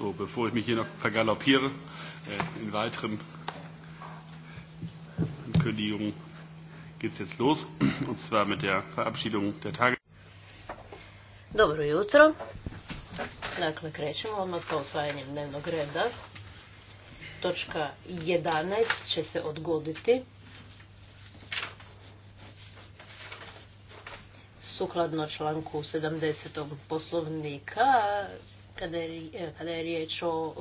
So, bevor ich mich hier noch vergaloppiere, äh, in weiteren Ankündigungen geht es jetzt los, und zwar mit der Verabschiedung der Tage. Dobro jutro. Dakle, krećemo odmah sa osvajanjem dnevnog reda. Točka 11 će se odgoditi. Sukladno članku 70. poslovnika E, kada je, riječ o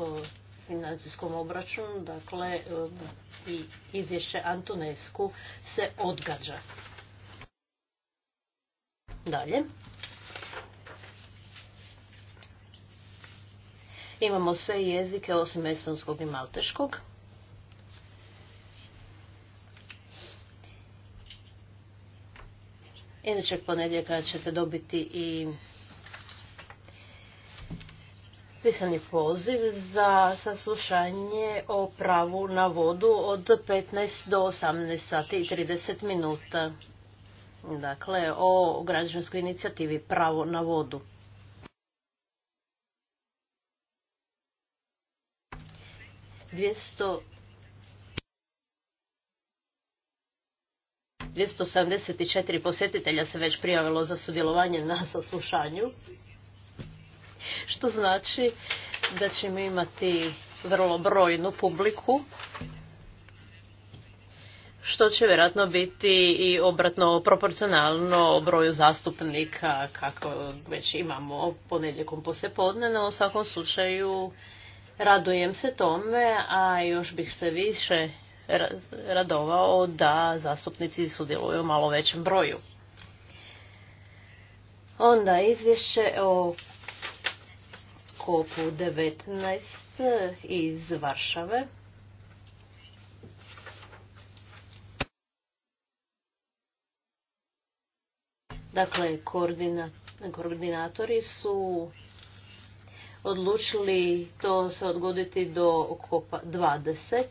financijskom obračunu, dakle e, i izvješće Antonesku se odgađa. Dalje. Imamo sve jezike osim estonskog i malteškog. Idućeg ponedjeljka ćete dobiti i pisani poziv za saslušanje o pravu na vodu od 15 do 18 sati i 30 minuta. Dakle, o građanskoj inicijativi Pravo na vodu. Dvijesto 274 posjetitelja se već prijavilo za sudjelovanje na saslušanju što znači da ćemo imati vrlo brojnu publiku, što će vjerojatno biti i obratno proporcionalno broju zastupnika kako već imamo ponedjeljkom poslijepodne, no u svakom slučaju radujem se tome, a još bih se više radovao da zastupnici sudjeluju u malo većem broju. Onda izvješće o Kopu 19 iz Varšave. Dakle, koordinatori su odlučili to se odgoditi do kopa 20.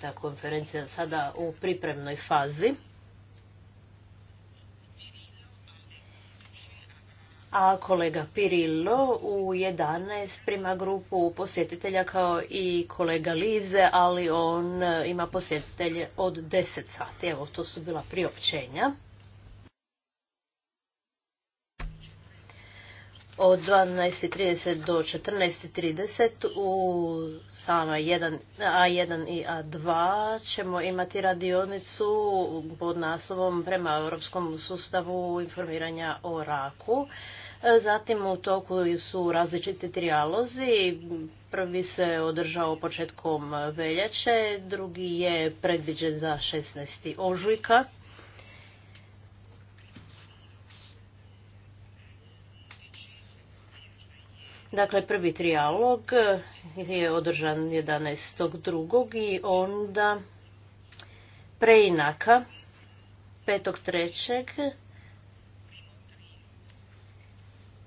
Ta konferencija sada u pripremnoj fazi. a kolega Pirillo u 11 prima grupu posjetitelja kao i kolega Lize, ali on e, ima posjetitelje od 10 sati. Evo, to su bila priopćenja. Od 12.30 do 14.30 u sama 1, A1 i A2 ćemo imati radionicu pod naslovom prema Europskom sustavu informiranja o raku. E, zatim u toku su različiti trijalozi. Prvi se održao početkom veljače, drugi je predviđen za 16. ožujka. Dakle, prvi trijalog je održan 11.2. i onda preinaka 5.3.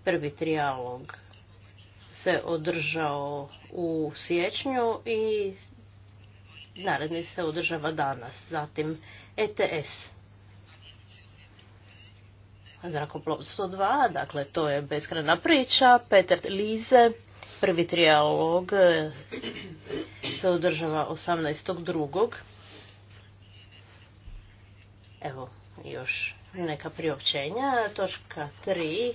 Prvi trijalog se održao u siječnju i naredni se održava danas. Zatim ETS. Zrakoplov 102, dakle to je beskrana priča. Peter Lize, prvi trijalog eh, se održava 18.2. Evo, još neka priopćenja. Točka 3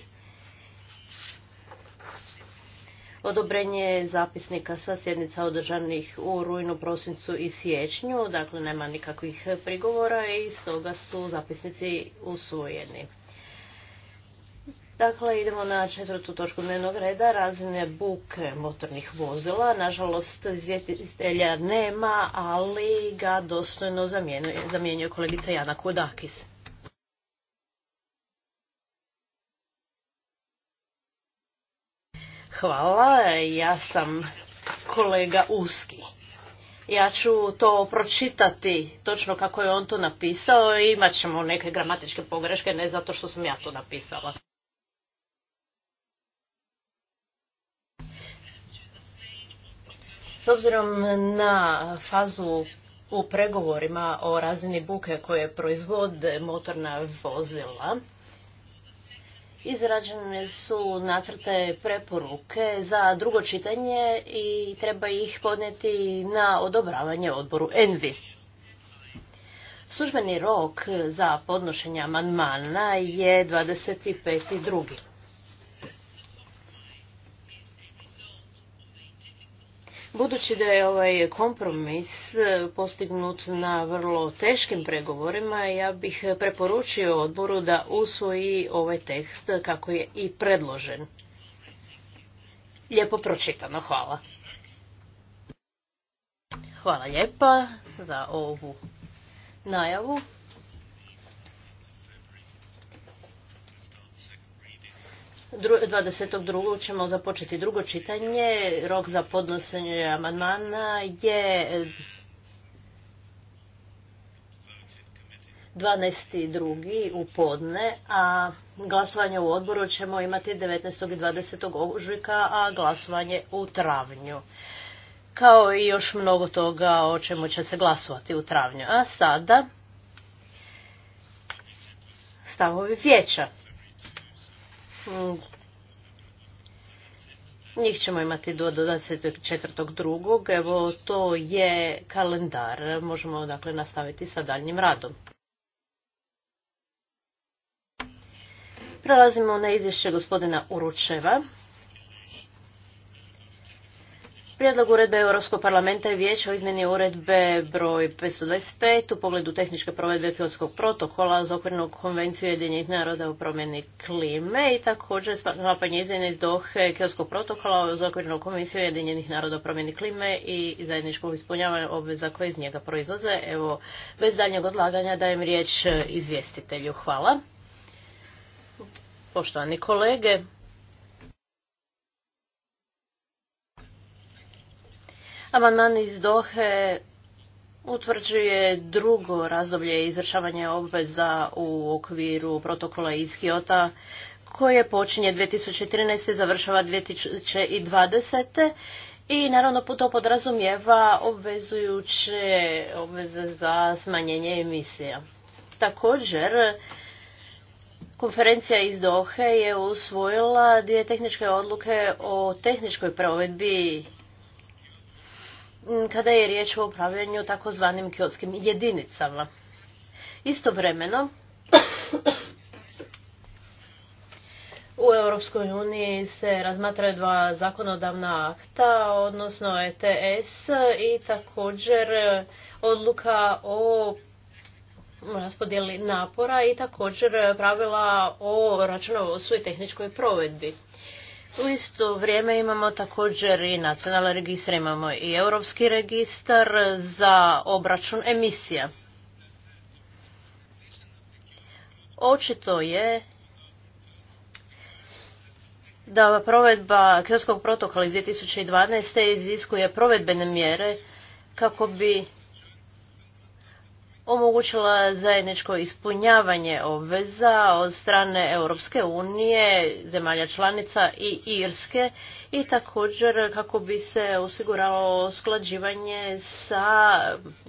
odobrenje zapisnika sa sjednica održanih u rujnu, prosincu i siječnju. Dakle, nema nikakvih prigovora i stoga su zapisnici usvojeni. Dakle, idemo na četvrtu točku dnevnog reda, razine buke motornih vozila. Nažalost, izvjetitelja nema, ali ga dostojno zamijenio kolegica Jana Kudakis. Hvala, ja sam kolega Uski. Ja ću to pročitati točno kako je on to napisao i imat ćemo neke gramatičke pogreške, ne zato što sam ja to napisala. S obzirom na fazu u pregovorima o razini buke koje proizvode motorna vozila, Izrađene su nacrte preporuke za drugo čitanje i treba ih podneti na odobravanje odboru ENVI. Službeni rok za podnošenje amandmana je 25.2. Budući da je ovaj kompromis e, postignut na vrlo teškim pregovorima, ja bih preporučio odboru da usvoji ovaj tekst kako je i predložen. Lijepo pročitano, hvala. Hvala lijepa za ovu najavu. 22. ćemo započeti drugo čitanje. Rok za podnosenje amandmana je 12.2. u podne, a glasovanje u odboru ćemo imati 19. i 20. ožujka, a glasovanje u travnju. Kao i još mnogo toga o čemu će se glasovati u travnju. A sada stavovi vijeća. Mm. Njih ćemo imati do 24.2. Evo, to je kalendar. Možemo dakle nastaviti sa daljnjim radom. Prelazimo na izvješće gospodina Uručeva. Prijedlog uredbe Europskog parlamenta i vijeća o izmjeni uredbe broj 525 u pogledu tehničke provedbe Kyotskog protokola za okvirnu konvenciju Ujedinjenih naroda o promjeni klime i također sklapanje izmjene iz Dohe protokola za okvirnu konvenciju Ujedinjenih naroda o promjeni klime i zajedničkog ispunjavanja obveza koje iz njega proizlaze. Evo, bez daljnjeg odlaganja dajem riječ izvjestitelju. Hvala. Poštovani kolege, Amandman iz Dohe utvrđuje drugo razdoblje izvršavanja obveza u okviru protokola iz Kiota koje počinje 2013. i završava 2020. I naravno to podrazumijeva obvezujuće obveze za smanjenje emisija. Također, konferencija iz Dohe je usvojila dvije tehničke odluke o tehničkoj provedbi kada je riječ o upravljanju takozvanim kioskim jedinicama. Istovremeno, u Europskoj uniji se razmatraju dva zakonodavna akta, odnosno ETS i također odluka o raspodjeli napora i također pravila o računovodstvu i tehničkoj provedbi. U isto vrijeme imamo također i nacionalne registre, imamo i europski registar za obračun emisija. Očito je da provedba Kioskog protokola iz 2012. iziskuje provedbene mjere kako bi omogućila zajedničko ispunjavanje obveza od strane Europske unije, zemalja članica i Irske i također kako bi se osiguralo sklađivanje sa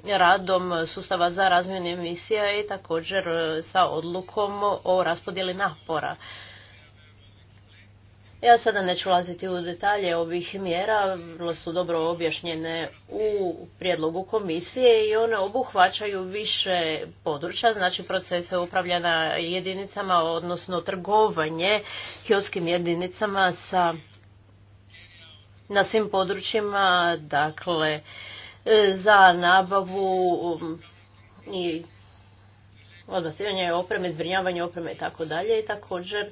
radom sustava za razmjenu emisija i također sa odlukom o raspodjeli napora. Ja sada neću ulaziti u detalje ovih mjera, vrlo su dobro objašnjene u prijedlogu komisije i one obuhvaćaju više područja, znači procese upravljanja jedinicama, odnosno trgovanje kioskim jedinicama sa, na svim područjima, dakle e, za nabavu um, i odbacivanje opreme, zbrinjavanje opreme i tako dalje i također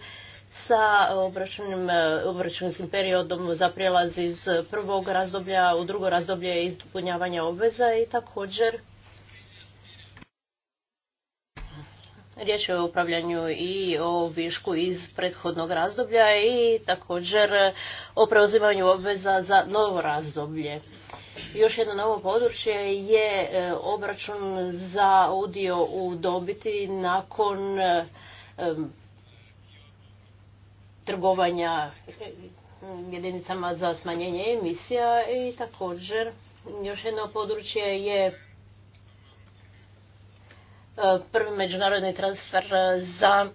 sa e, obračunskim periodom za prijelaz iz prvog razdoblja u drugo razdoblje ispunjavanja obveza i također Riječ je o upravljanju i o višku iz prethodnog razdoblja i također o preuzimanju obveza za novo razdoblje. Još jedno novo područje je e, obračun za udio u dobiti nakon e, trgovanja mm, jedinicama za smanjenje emisija i također još jedno područje je e, prvi međunarodni transfer za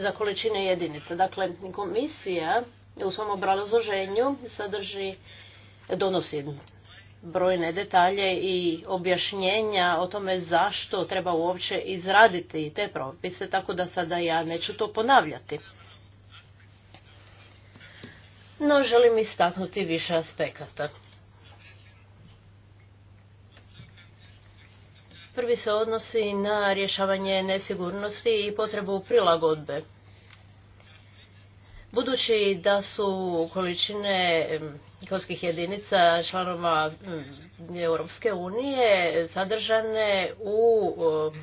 za količine jedinica. Dakle, komisija u svom obrazloženju sadrži, donosi brojne detalje i objašnjenja o tome zašto treba uopće izraditi te propise, tako da sada ja neću to ponavljati. No, želim istaknuti više aspekata. Prvi se odnosi na rješavanje nesigurnosti i potrebu prilagodbe. Budući da su količine školskih jedinica članova mm, Europske unije sadržane u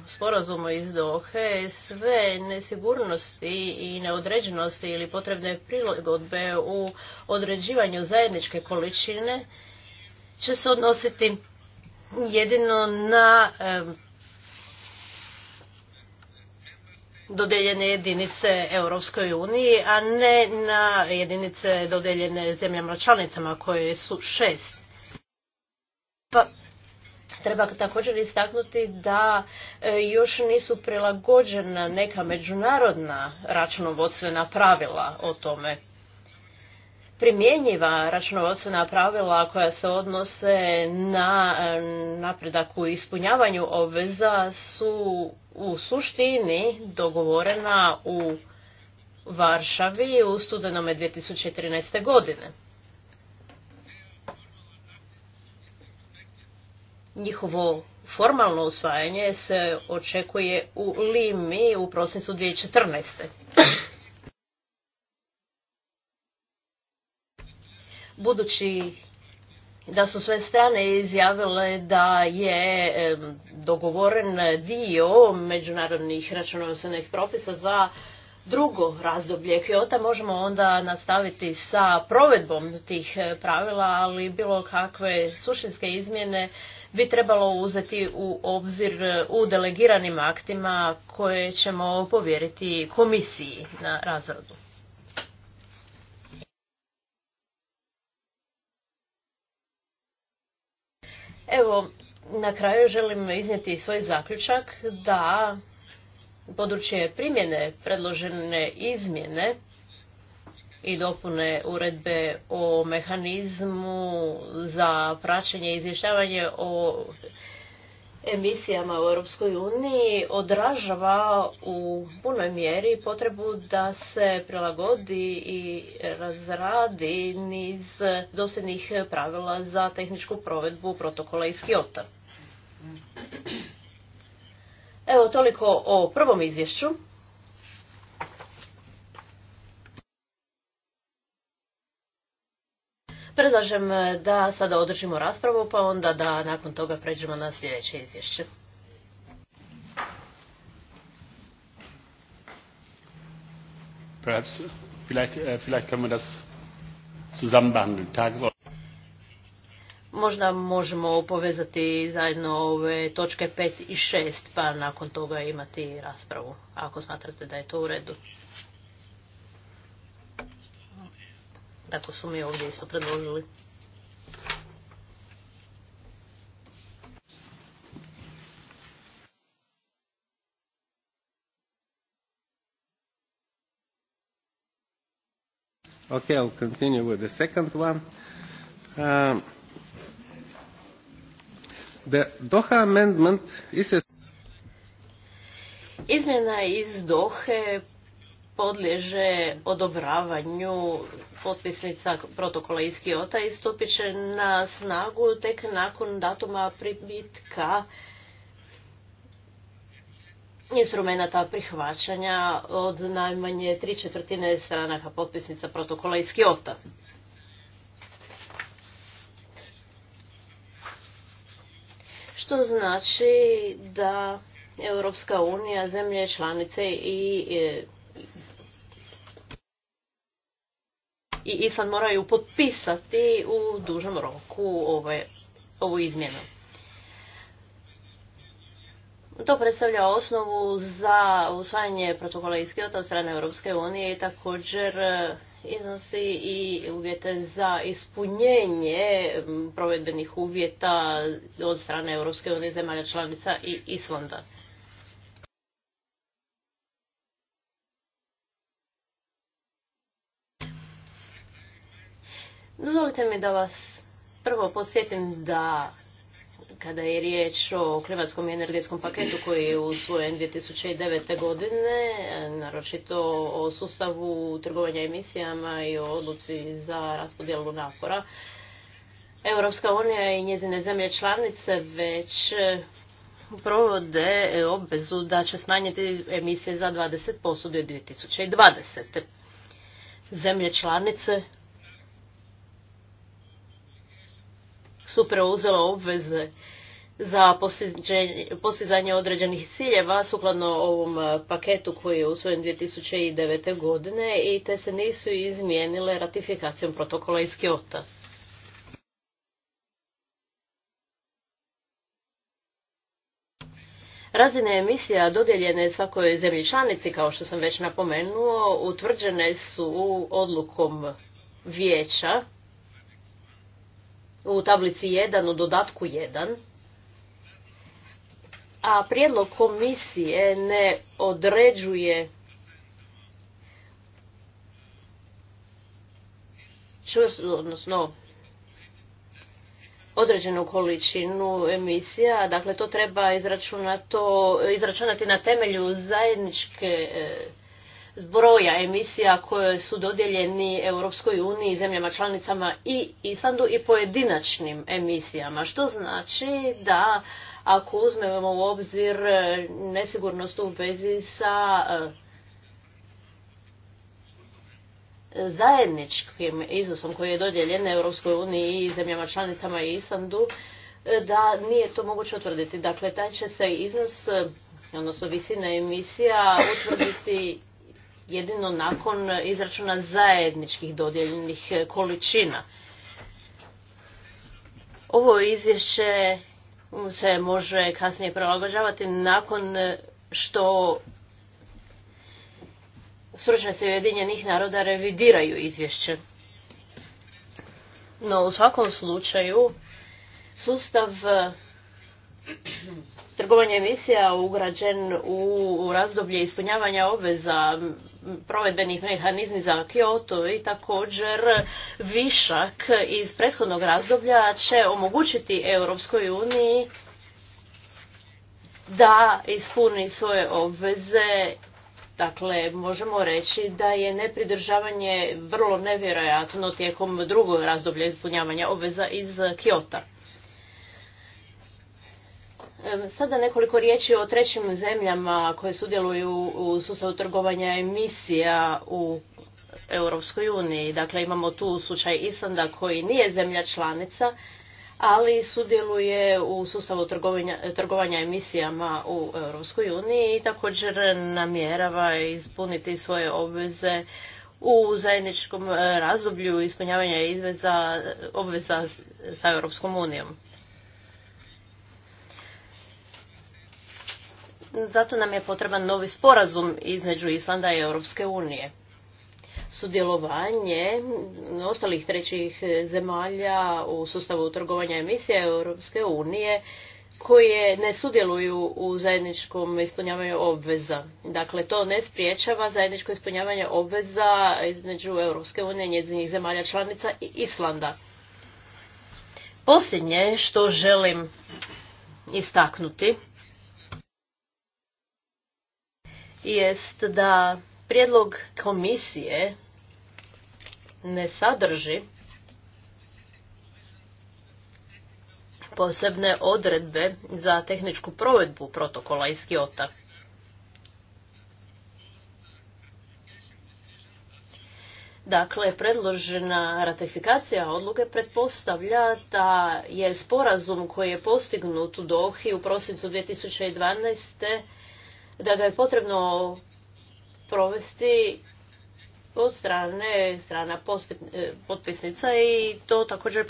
sporazumu iz Dohe sve nesigurnosti i neodređenosti ili potrebne prilagodbe u određivanju zajedničke količine će se odnositi jedino na dodeljene jedinice Europskoj uniji, a ne na jedinice dodeljene zemljama članicama koje su šest. Pa, treba također istaknuti da e, još nisu prilagođena neka međunarodna računovodstvena pravila o tome. Primjenjiva računovodstvena pravila koja se odnose na e, napredak u ispunjavanju obveza su u suštini dogovorena u Varšavi u studenome 2013. godine. Njihovo formalno usvajanje se očekuje u Limi u prosincu 2014. Budući da su sve strane izjavile da je dogovoren dio međunarodnih računovodstvenih propisa za drugo razdoblje Kyoto možemo onda nastaviti sa provedbom tih e, pravila, ali bilo kakve suštinske izmjene bi trebalo uzeti u obzir e, u delegiranim aktima koje ćemo povjeriti komisiji na razradu. Evo, na kraju želim iznijeti svoj zaključak da područje primjene predložene izmjene i dopune uredbe o mehanizmu za praćenje i izvještavanje o emisijama u Europskoj uniji odražava u punoj mjeri potrebu da se prilagodi i razradi niz dosljednih pravila za tehničku provedbu protokola iz Kiota. Evo toliko o prvom izvješću. Predlažem e, da sada održimo raspravu, pa onda da nakon toga pređemo na sljedeće izvješće. Uh, uh, Možda možemo povezati zajedno ove točke 5 i 6, pa nakon toga imati raspravu, ako smatrate da je to u redu. Tako su mi ovdje isto predložili. Okay, I'll continue with the second one. Um, the Doha amendment is a... Izmjena iz Dohe podliježe odobravanju potpisnica protokola iz Kiota i stupit će na snagu tek nakon datuma pribitka instrumenta prihvaćanja od najmanje tri četvrtine stranaka potpisnica protokola iz Kiota. Što znači da Europska unija, zemlje članice i e, i Island moraju potpisati u dužem roku ovu izmjenu. To predstavlja osnovu za usvajanje protokola iz Kyoto od strane Europske unije i također e, iznosi i uvjete za ispunjenje provedbenih uvjeta od strane Europske unije zemalja članica i Islanda. Dozvolite mi da vas prvo posjetim da kada je riječ o klimatskom i energetskom paketu koji je usvojen 2009. godine, naročito o sustavu trgovanja emisijama i o odluci za raspodjelu napora, Europska unija i njezine zemlje članice već provode obvezu da će smanjiti emisije za 20% do 2020. Zemlje članice su preuzela obveze za postizanje određenih ciljeva sukladno ovom e, paketu koji je usvojen 2009. godine i te se nisu izmijenile ratifikacijom protokola iz Kiota. Razine emisija dodjeljene svakoj zemlji članici, kao što sam već napomenuo, utvrđene su odlukom vijeća u tablici 1 u dodatku 1 a prijedlog komisije ne određuje odnosno određenu količinu emisija, dakle to treba izračunati na temelju zajedničke e, zbroja emisija koje su dodijeljeni Europskoj uniji, zemljama članicama i Islandu i pojedinačnim emisijama. Što znači da ako uzmemo u obzir e, nesigurnost u vezi sa e, zajedničkim iznosom koji je dodijeljen Europskoj uniji i zemljama članicama i Islandu, e, da nije to moguće utvrditi. Dakle, taj će se iznos, odnosno visina emisija, utvrditi jedino nakon izračuna zajedničkih dodijeljenih količina. Ovo izvješće se može kasnije prilagođavati nakon što se Ujedinjenih naroda revidiraju izvješće. No u svakom slučaju sustav trgovanja emisija ugrađen u razdoblje ispunjavanja obveza provedbenih mehanizmi za Kyoto i također višak iz prethodnog razdoblja će omogućiti Europskoj uniji da ispuni svoje obveze Dakle, možemo reći da je nepridržavanje vrlo nevjerojatno tijekom drugog razdoblja ispunjavanja obveza iz Kiota. Sada nekoliko riječi o trećim zemljama koje sudjeluju u sustavu trgovanja emisija u Europskoj uniji. Dakle, imamo tu slučaj Islanda koji nije zemlja članica, ali sudjeluje u sustavu trgovanja, emisijama u Europskoj uniji i također namjerava ispuniti svoje obveze u zajedničkom eh, razdoblju ispunjavanja obveza sa Europskom unijom. Zato nam je potreban novi sporazum između Islanda i Europske unije. Sudjelovanje ostalih trećih zemalja u sustavu trgovanja emisija Europske unije koje ne sudjeluju u zajedničkom ispunjavanju obveza. Dakle, to ne spriječava zajedničko ispunjavanje obveza između Europske unije, njezinih zemalja članica i Islanda. Posljednje što želim istaknuti jest da prijedlog komisije ne sadrži posebne odredbe za tehničku provedbu protokola iz Kiota. Dakle, predložena ratifikacija odluke pretpostavlja da je sporazum koji je postignut u Dohi u prosincu 2012 da ga je potrebno provesti od strane strana e, potpisnica i to također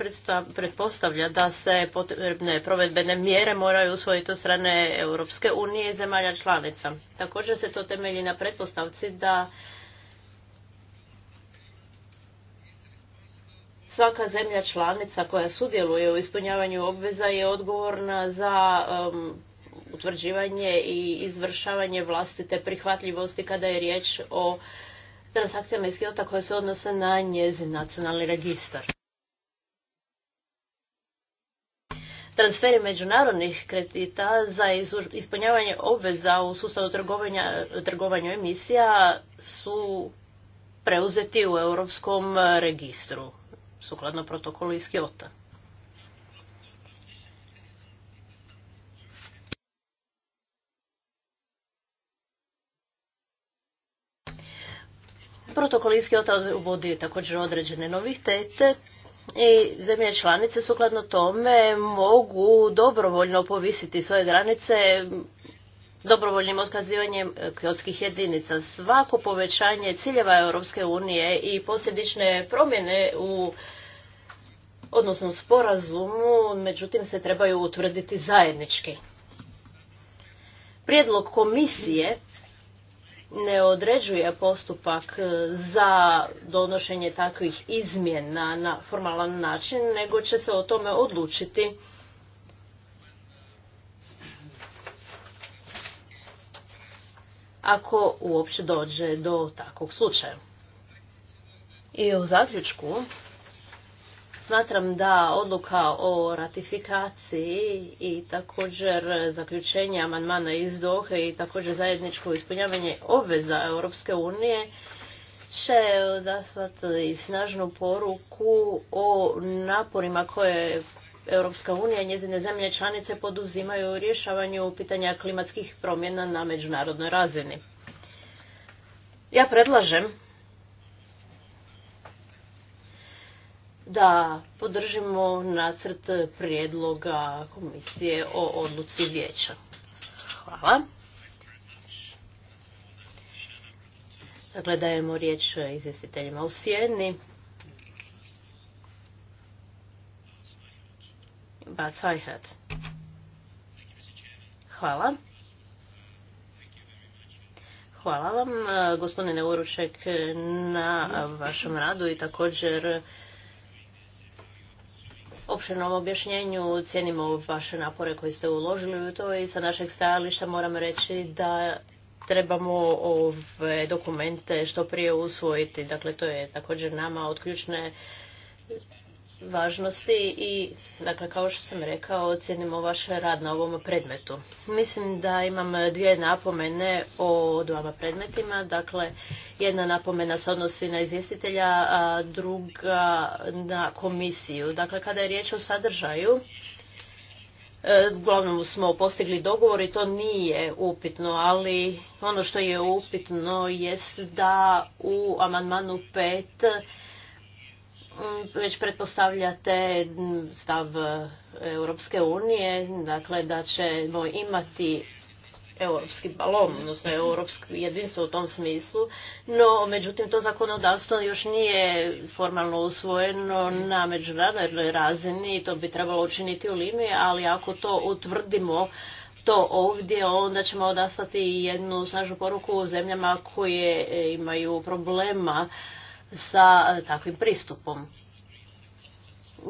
pretpostavlja da se potrebne provedbene mjere moraju usvojiti od strane Europske unije i zemalja članica. Također se to temelji na pretpostavci da svaka zemlja članica koja sudjeluje u ispunjavanju obveza je odgovorna za utvrđivanje i izvršavanje vlastite prihvatljivosti kada je riječ o transakcijama iz Kyoto koje se odnose na njezin nacionalni registar. transferi međunarodnih kredita za ispunjavanje obveza u sustavu trgovanja emisija su preuzeti u Europskom registru, sukladno protokolu iz Kyoto. Protokol iz uvodi također određene novitete i zemlje članice sukladno tome mogu dobrovoljno povisiti svoje granice dobrovoljnim otkazivanjem kiotskih jedinica. Svako povećanje ciljeva Europske unije i posljedične promjene u odnosno sporazumu, međutim se trebaju utvrditi zajednički. Prijedlog komisije ne određuje postupak e, za donošenje takvih izmjena na formalan način, nego će se o tome odlučiti ako uopće dođe do takvog slučaja. I u zaključku Smatram da odluka o ratifikaciji i također zaključenje amandmana iz Dohe i također zajedničko ispunjavanje obveza Europske unije će odaslati snažnu poruku o naporima koje Europska unija i njezine zemlje članice poduzimaju u rješavanju pitanja klimatskih promjena na međunarodnoj razini. Ja predlažem da podržimo nacrt prijedloga komisije o odluci vijeća. Hvala. Dakle, dajemo riječ izvjestiteljima u Sjedni. Hvala. Hvala vam, gospodine Uruček, na vašem radu i također opšenom objašnjenju cijenimo vaše napore koje ste uložili u to i sa našeg stajališta moram reći da trebamo ove dokumente što prije usvojiti. Dakle, to je također nama od ključne važnosti i, dakle, kao što sam rekao, ocjenimo vaš rad na ovom predmetu. Mislim da imam dvije napomene o dvama predmetima. Dakle, jedna napomena se odnosi na izvjestitelja, a druga na komisiju. Dakle, kada je riječ o sadržaju, e, uglavnom smo postigli dogovor i to nije upitno, ali ono što je upitno jest da u amandmanu 5 već pretpostavljate stav Europske unije, dakle da ćemo imati europski balon, odnosno europsko jedinstvo u tom smislu, no međutim to zakonodavstvo još nije formalno usvojeno na međunarodnoj razini i to bi trebalo učiniti u Limi, ali ako to utvrdimo to ovdje, onda ćemo odastati jednu snažnu poruku zemljama koje imaju problema sa e, takvim pristupom.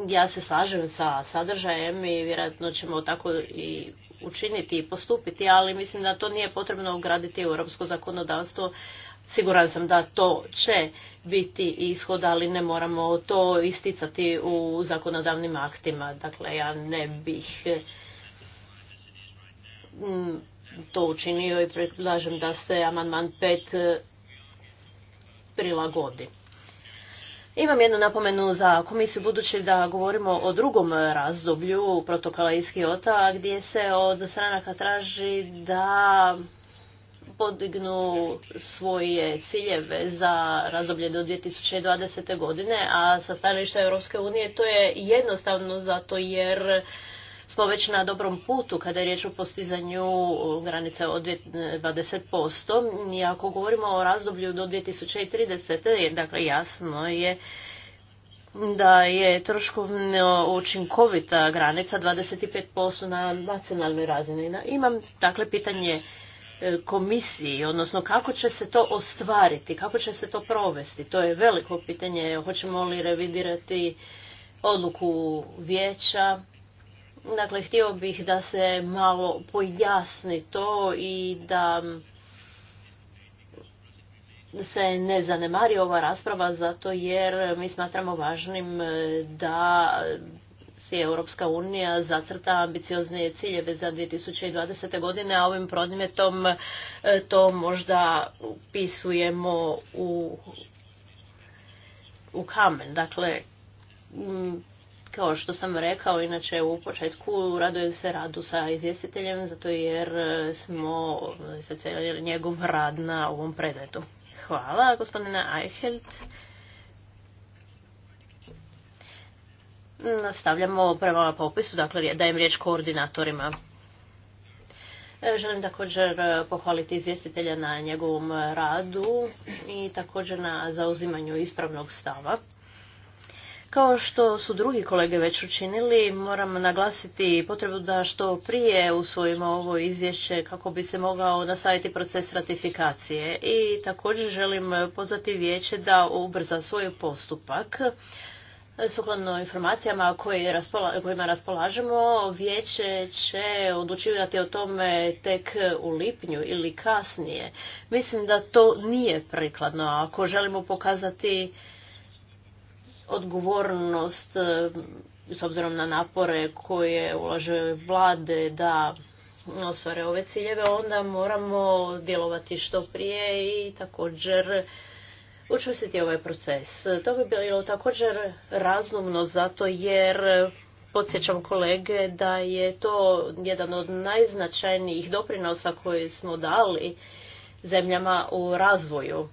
Ja se slažem sa sadržajem i vjerojatno ćemo tako i učiniti i postupiti, ali mislim da to nije potrebno ugraditi u europsko zakonodavstvo. Siguran sam da to će biti ishod, ali ne moramo to isticati u zakonodavnim aktima. Dakle, ja ne bih mm, to učinio i predlažem da se amandman 5 e, prilagodi. Imam jednu napomenu za komisiju, budući da govorimo o drugom razdoblju protokola iz Kiota, gdje se od stranaka traži da podignu svoje ciljeve za razdoblje do 2020. godine, a sa stajališta Europske unije to je jednostavno zato jer smo na dobrom putu kada je riječ o postizanju e, granice od 20%. E, I ako govorimo o razdoblju do 2030. dakle jasno je da je troškovno učinkovita granica 25% na nacionalnoj razini. Imam dakle pitanje e, komisiji, odnosno kako će se to ostvariti, kako će se to provesti. To je veliko pitanje, hoćemo li revidirati odluku vijeća, Dakle, htio bih da se malo pojasni to i da se ne zanemari ova rasprava zato jer mi smatramo važnim e, da si Europska unija zacrta ambicioznije ciljeve za 2020. godine, a ovim prodmetom e, to možda upisujemo u, u kamen. Dakle, kao što sam rekao, inače u početku radujem se radu sa izvjestiteljem, zato jer e, smo e, cijeli njegov rad na ovom predmetu. Hvala, gospodine Eichelt. Nastavljamo prema popisu, dakle dajem riječ koordinatorima. E, želim također pohvaliti izvjestitelja na njegovom radu i također na zauzimanju ispravnog stava. Kao što su drugi kolege već učinili, moram naglasiti potrebu da što prije usvojimo ovo izvješće kako bi se mogao nastaviti proces ratifikacije. I također želim pozvati vijeće da ubrza svoj postupak. Sukladno informacijama kojima raspolažemo, vijeće će odlučivati o tome tek u lipnju ili kasnije. Mislim da to nije prikladno ako želimo pokazati odgovornost e, s obzirom na napore koje ulaže vlade da osvare ove ciljeve, onda moramo djelovati što prije i također učvrstiti ovaj proces. To bi bilo također razumno zato jer podsjećam kolege da je to jedan od najznačajnijih doprinosa koje smo dali zemljama u razvoju.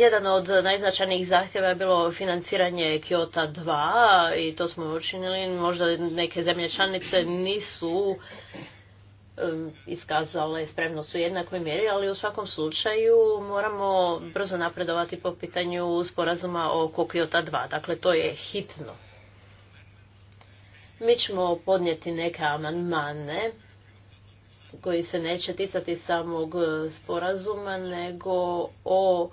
Jedan od najznačajnijih zahtjeva je bilo financiranje Kyoto 2 i to smo učinili. Možda neke zemlje članice nisu iskazale spremnost u jednakoj mjeri, ali u svakom slučaju moramo brzo napredovati po pitanju sporazuma oko Kyoto 2. Dakle, to je hitno. Mi ćemo podnijeti neke amandmane koji se neće ticati samog e, sporazuma, nego o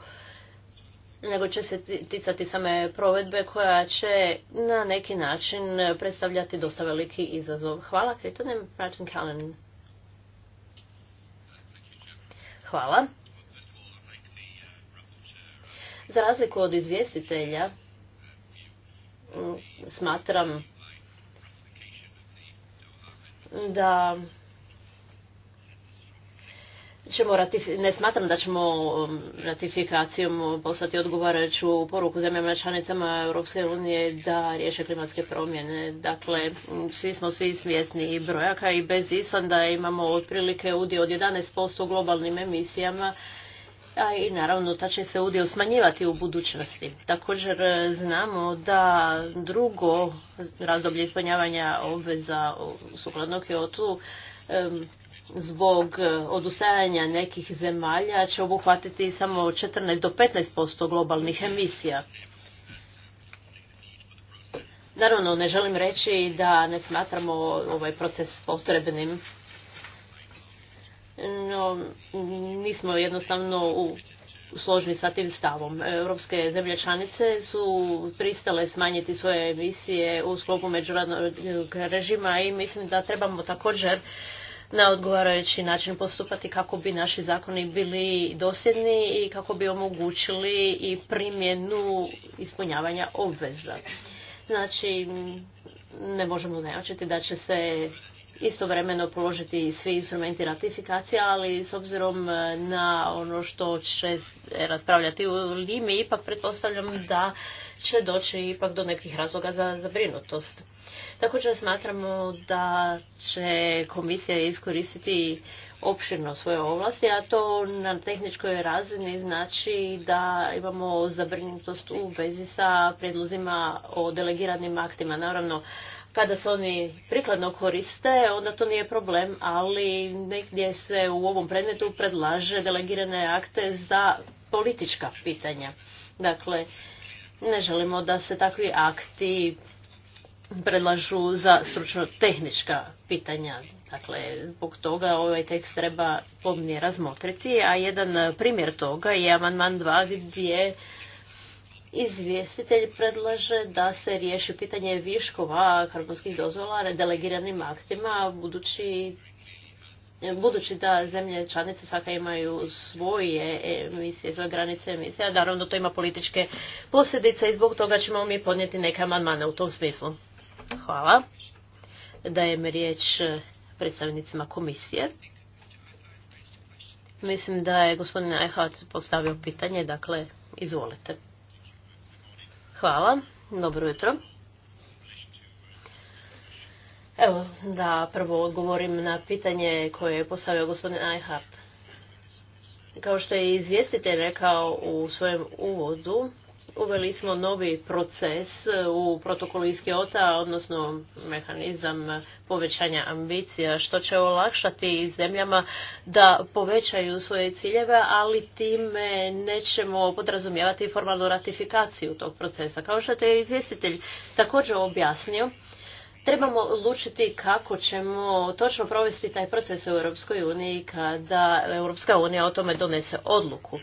nego će se ticati same provedbe koja će na neki način predstavljati dosta veliki izazov. Hvala, Kritonem, Martin Hvala. Za razliku od izvjestitelja, mm, smatram da ćemo ne smatram da ćemo um, ratifikacijom poslati odgovarajuću poruku zemljama članicama Europske unije da riješe klimatske promjene. Dakle, svi smo svi svjesni i brojaka i bez Islanda imamo otprilike udio od 11% u globalnim emisijama a i naravno ta će se udio smanjivati u budućnosti. Također e, znamo da drugo razdoblje ispunjavanja obveza sukladno Kyoto zbog e, odustajanja nekih zemalja će obuhvatiti samo 14 do 15% globalnih emisija. Naravno, ne želim reći da ne smatramo ovaj proces potrebnim. No, nismo jednostavno u složni sa tim stavom. Europske zemlje članice su pristale smanjiti svoje emisije u sklopu međunarodnog režima i mislim da trebamo također na odgovarajući način postupati kako bi naši zakoni bili dosljedni i kako bi omogućili i primjenu ispunjavanja obveza. Znači, ne možemo značiti da će se istovremeno položiti svi instrumenti ratifikacije, ali s obzirom na ono što će raspravljati u Limi, ipak pretpostavljam da će doći ipak do nekih razloga za zabrinutost. Također smatramo da će komisija iskoristiti opširno svoje ovlasti, a to na tehničkoj razini znači da imamo zabrinutost u vezi sa predlozima o delegiranim aktima. Naravno, kada se oni prikladno koriste, onda to nije problem, ali negdje se u ovom predmetu predlaže delegirane akte za politička pitanja. Dakle, ne želimo da se takvi akti predlažu za stručno-tehnička pitanja. Dakle, zbog toga ovaj tekst treba pomnije razmotriti, a jedan primjer toga je amandman 2 gdje izvjestitelj predlaže da se riješi pitanje viškova karbonskih dozvola delegiranim aktima, budući Budući da zemlje članice svaka imaju svoje emisije, svoje granice emisija, naravno to ima političke posljedice i zbog toga ćemo mi podnijeti neke amandmane u tom smislu. Hvala. Dajem riječ predstavnicima komisije. Mislim da je gospodin Eichhardt postavio pitanje, dakle, izvolite. Hvala, dobro jutro. Evo, da prvo odgovorim na pitanje koje je postavio gospodin Eichhardt. Kao što je izvjestitelj rekao u svojem uvodu, Uveli smo novi proces e, u protokolu iz Kiota, odnosno mehanizam povećanja ambicija, što će olakšati zemljama da povećaju svoje ciljeve, ali time nećemo podrazumijevati formalnu ratifikaciju tog procesa. Kao što je izvjestitelj također objasnio, trebamo odlučiti kako ćemo točno provesti taj proces u Europskoj uniji kada Europska unija o tome donese odluku.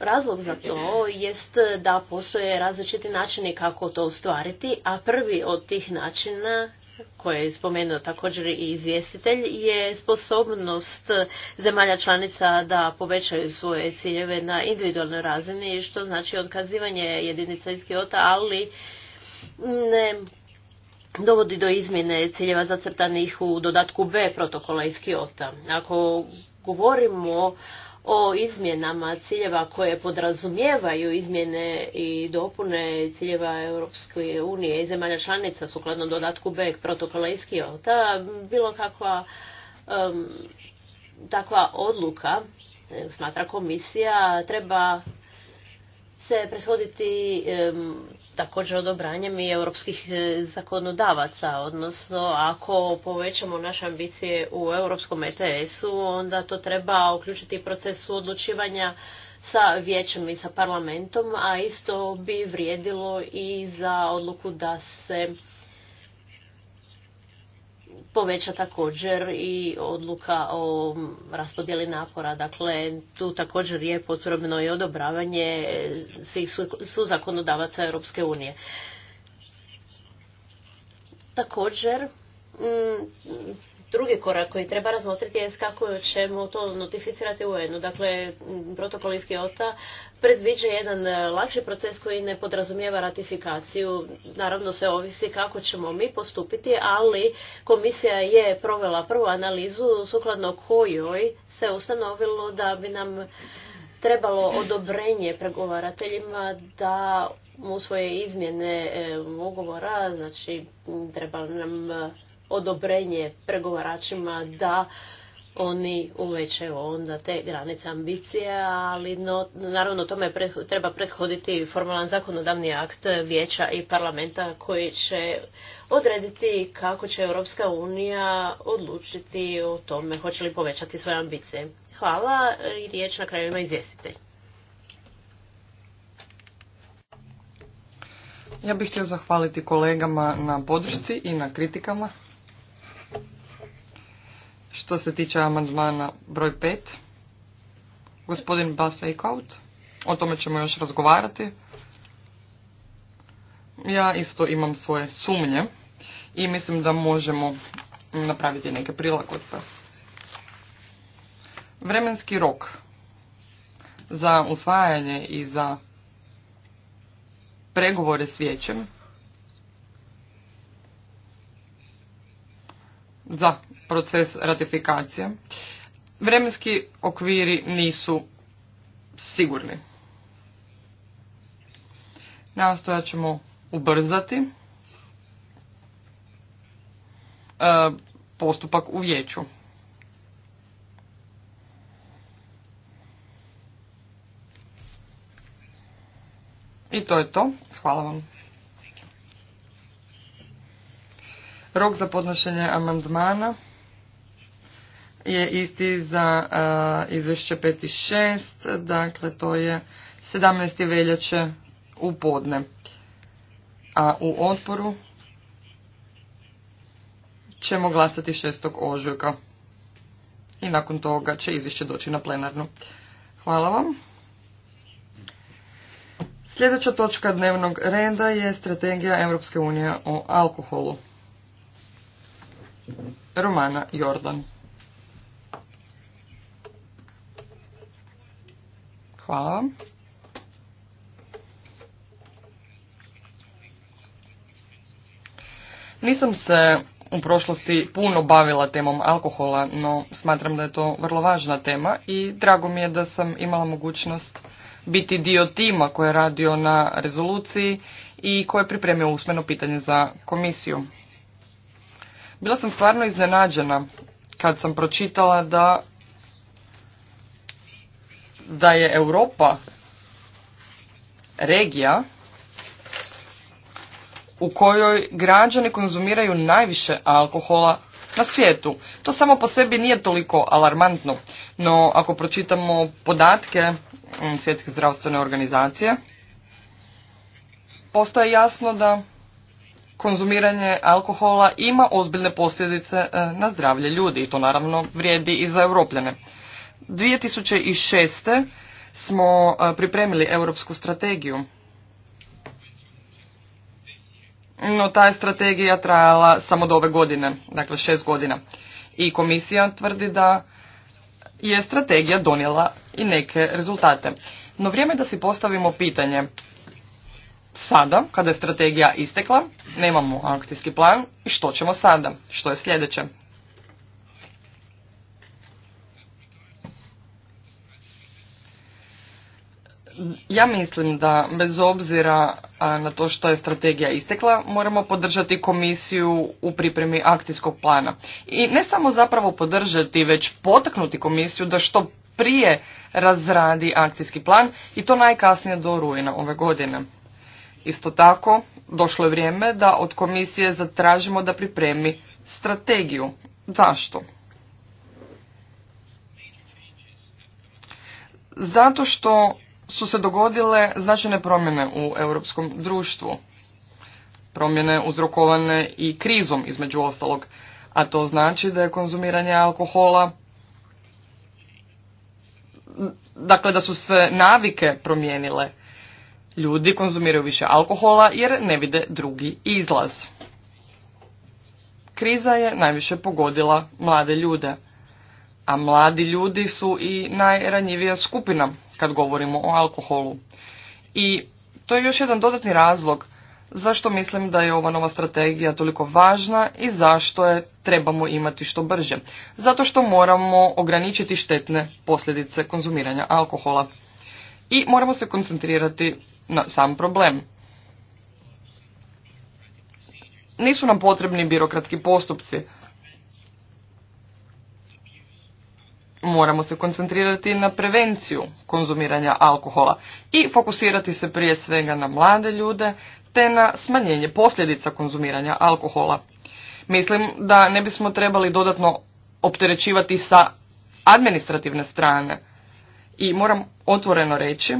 Razlog za to jest da postoje različiti načini kako to ostvariti, a prvi od tih načina koje je spomenuo također i izvjestitelj, je sposobnost zemalja članica da povećaju svoje ciljeve na individualnoj razini, što znači otkazivanje jedinica iz Kiota, ali ne dovodi do izmjene ciljeva zacrtanih u dodatku B protokola iz Kiota. Ako govorimo o o izmjenama ciljeva koje podrazumijevaju izmjene i dopune ciljeva Europske unije i zemalja članica sukladno dodatku B protokola iz Kiota, bilo kakva takva odluka, e, smatra komisija, treba se preshoditi također odobranjem i europskih e, zakonodavaca, odnosno ako povećamo naše ambicije u europskom ETS-u, onda to treba uključiti procesu odlučivanja sa vijećem i sa parlamentom, a isto bi vrijedilo i za odluku da se poveća također i odluka o raspodjeli napora. Dakle, tu također je potrebno i odobravanje svih suzakonodavaca Europske unije. Također, mm, drugi korak koji treba razmotriti je kako ćemo to notificirati u UN-u. Dakle, protokol iz predviđa jedan e, lakši proces koji ne podrazumijeva ratifikaciju. Naravno, sve ovisi kako ćemo mi postupiti, ali komisija je provela prvu analizu sukladno kojoj se ustanovilo da bi nam trebalo odobrenje pregovarateljima da u svoje izmjene e, ugovora, znači treba nam odobrenje pregovaračima da oni uvećaju onda te granice ambicije, ali no, naravno tome treba prethoditi formalan zakonodavni akt vijeća i parlamenta koji će odrediti kako će Europska unija odlučiti o tome hoće li povećati svoje ambicije. Hvala i riječ na kraju ima Ja bih htio zahvaliti kolegama na podršci i na kritikama što se tiče amandmana broj 5, gospodin Bas o tome ćemo još razgovarati. Ja isto imam svoje sumnje i mislim da možemo napraviti neke prilagodbe. Vremenski rok za usvajanje i za pregovore s vijećem za proces ratifikacije, vremenski okviri nisu sigurni. Nastojat ćemo ubrzati e, postupak u vijeću. I to je to. Hvala vam. Rok za podnošenje amandmana je isti za izvješće 5 i 6, dakle to je 17. veljače u podne. A u odporu ćemo glasati 6. ožujka. I nakon toga će izvješće doći na plenarnu. Hvala vam. Sljedeća točka dnevnog reda je strategija Europske unije o alkoholu. Romana Jordan. Hvala vam. Nisam se u prošlosti puno bavila temom alkohola, no smatram da je to vrlo važna tema i drago mi je da sam imala mogućnost biti dio tima koji je radio na rezoluciji i koji je pripremio usmeno pitanje za komisiju. Bila sam stvarno iznenađena kad sam pročitala da da je Europa regija u kojoj građani konzumiraju najviše alkohola na svijetu. To samo po sebi nije toliko alarmantno, no ako pročitamo podatke mm, Svjetske zdravstvene organizacije, postaje jasno da konzumiranje alkohola ima ozbiljne posljedice e, na zdravlje ljudi i to naravno vrijedi i za europljane. 2006. smo pripremili europsku strategiju. No, ta je strategija trajala samo do ove godine, dakle šest godina. I komisija tvrdi da je strategija donijela i neke rezultate. No vrijeme je da si postavimo pitanje. Sada, kada je strategija istekla, nemamo akcijski plan i što ćemo sada? Što je sljedeće? ja mislim da bez obzira na to što je strategija istekla, moramo podržati komisiju u pripremi akcijskog plana. I ne samo zapravo podržati, već potaknuti komisiju da što prije razradi akcijski plan i to najkasnije do rujna ove godine. Isto tako, došlo je vrijeme da od komisije zatražimo da pripremi strategiju. Zašto? Zato što su se dogodile značajne promjene u europskom društvu. Promjene uzrokovane i krizom između ostalog, a to znači da je konzumiranje alkohola dakle da su se navike promijenile. Ljudi konzumiraju više alkohola jer ne vide drugi izlaz. Kriza je najviše pogodila mlade ljude, a mladi ljudi su i najranjivija skupina kad govorimo o alkoholu. I to je još jedan dodatni razlog zašto mislim da je ova nova strategija toliko važna i zašto je trebamo imati što brže. Zato što moramo ograničiti štetne posljedice konzumiranja alkohola. I moramo se koncentrirati na sam problem. Nisu nam potrebni birokratski postupci. moramo se koncentrirati na prevenciju konzumiranja alkohola i fokusirati se prije svega na mlade ljude te na smanjenje posljedica konzumiranja alkohola. Mislim da ne bismo trebali dodatno opterećivati sa administrativne strane i moram otvoreno reći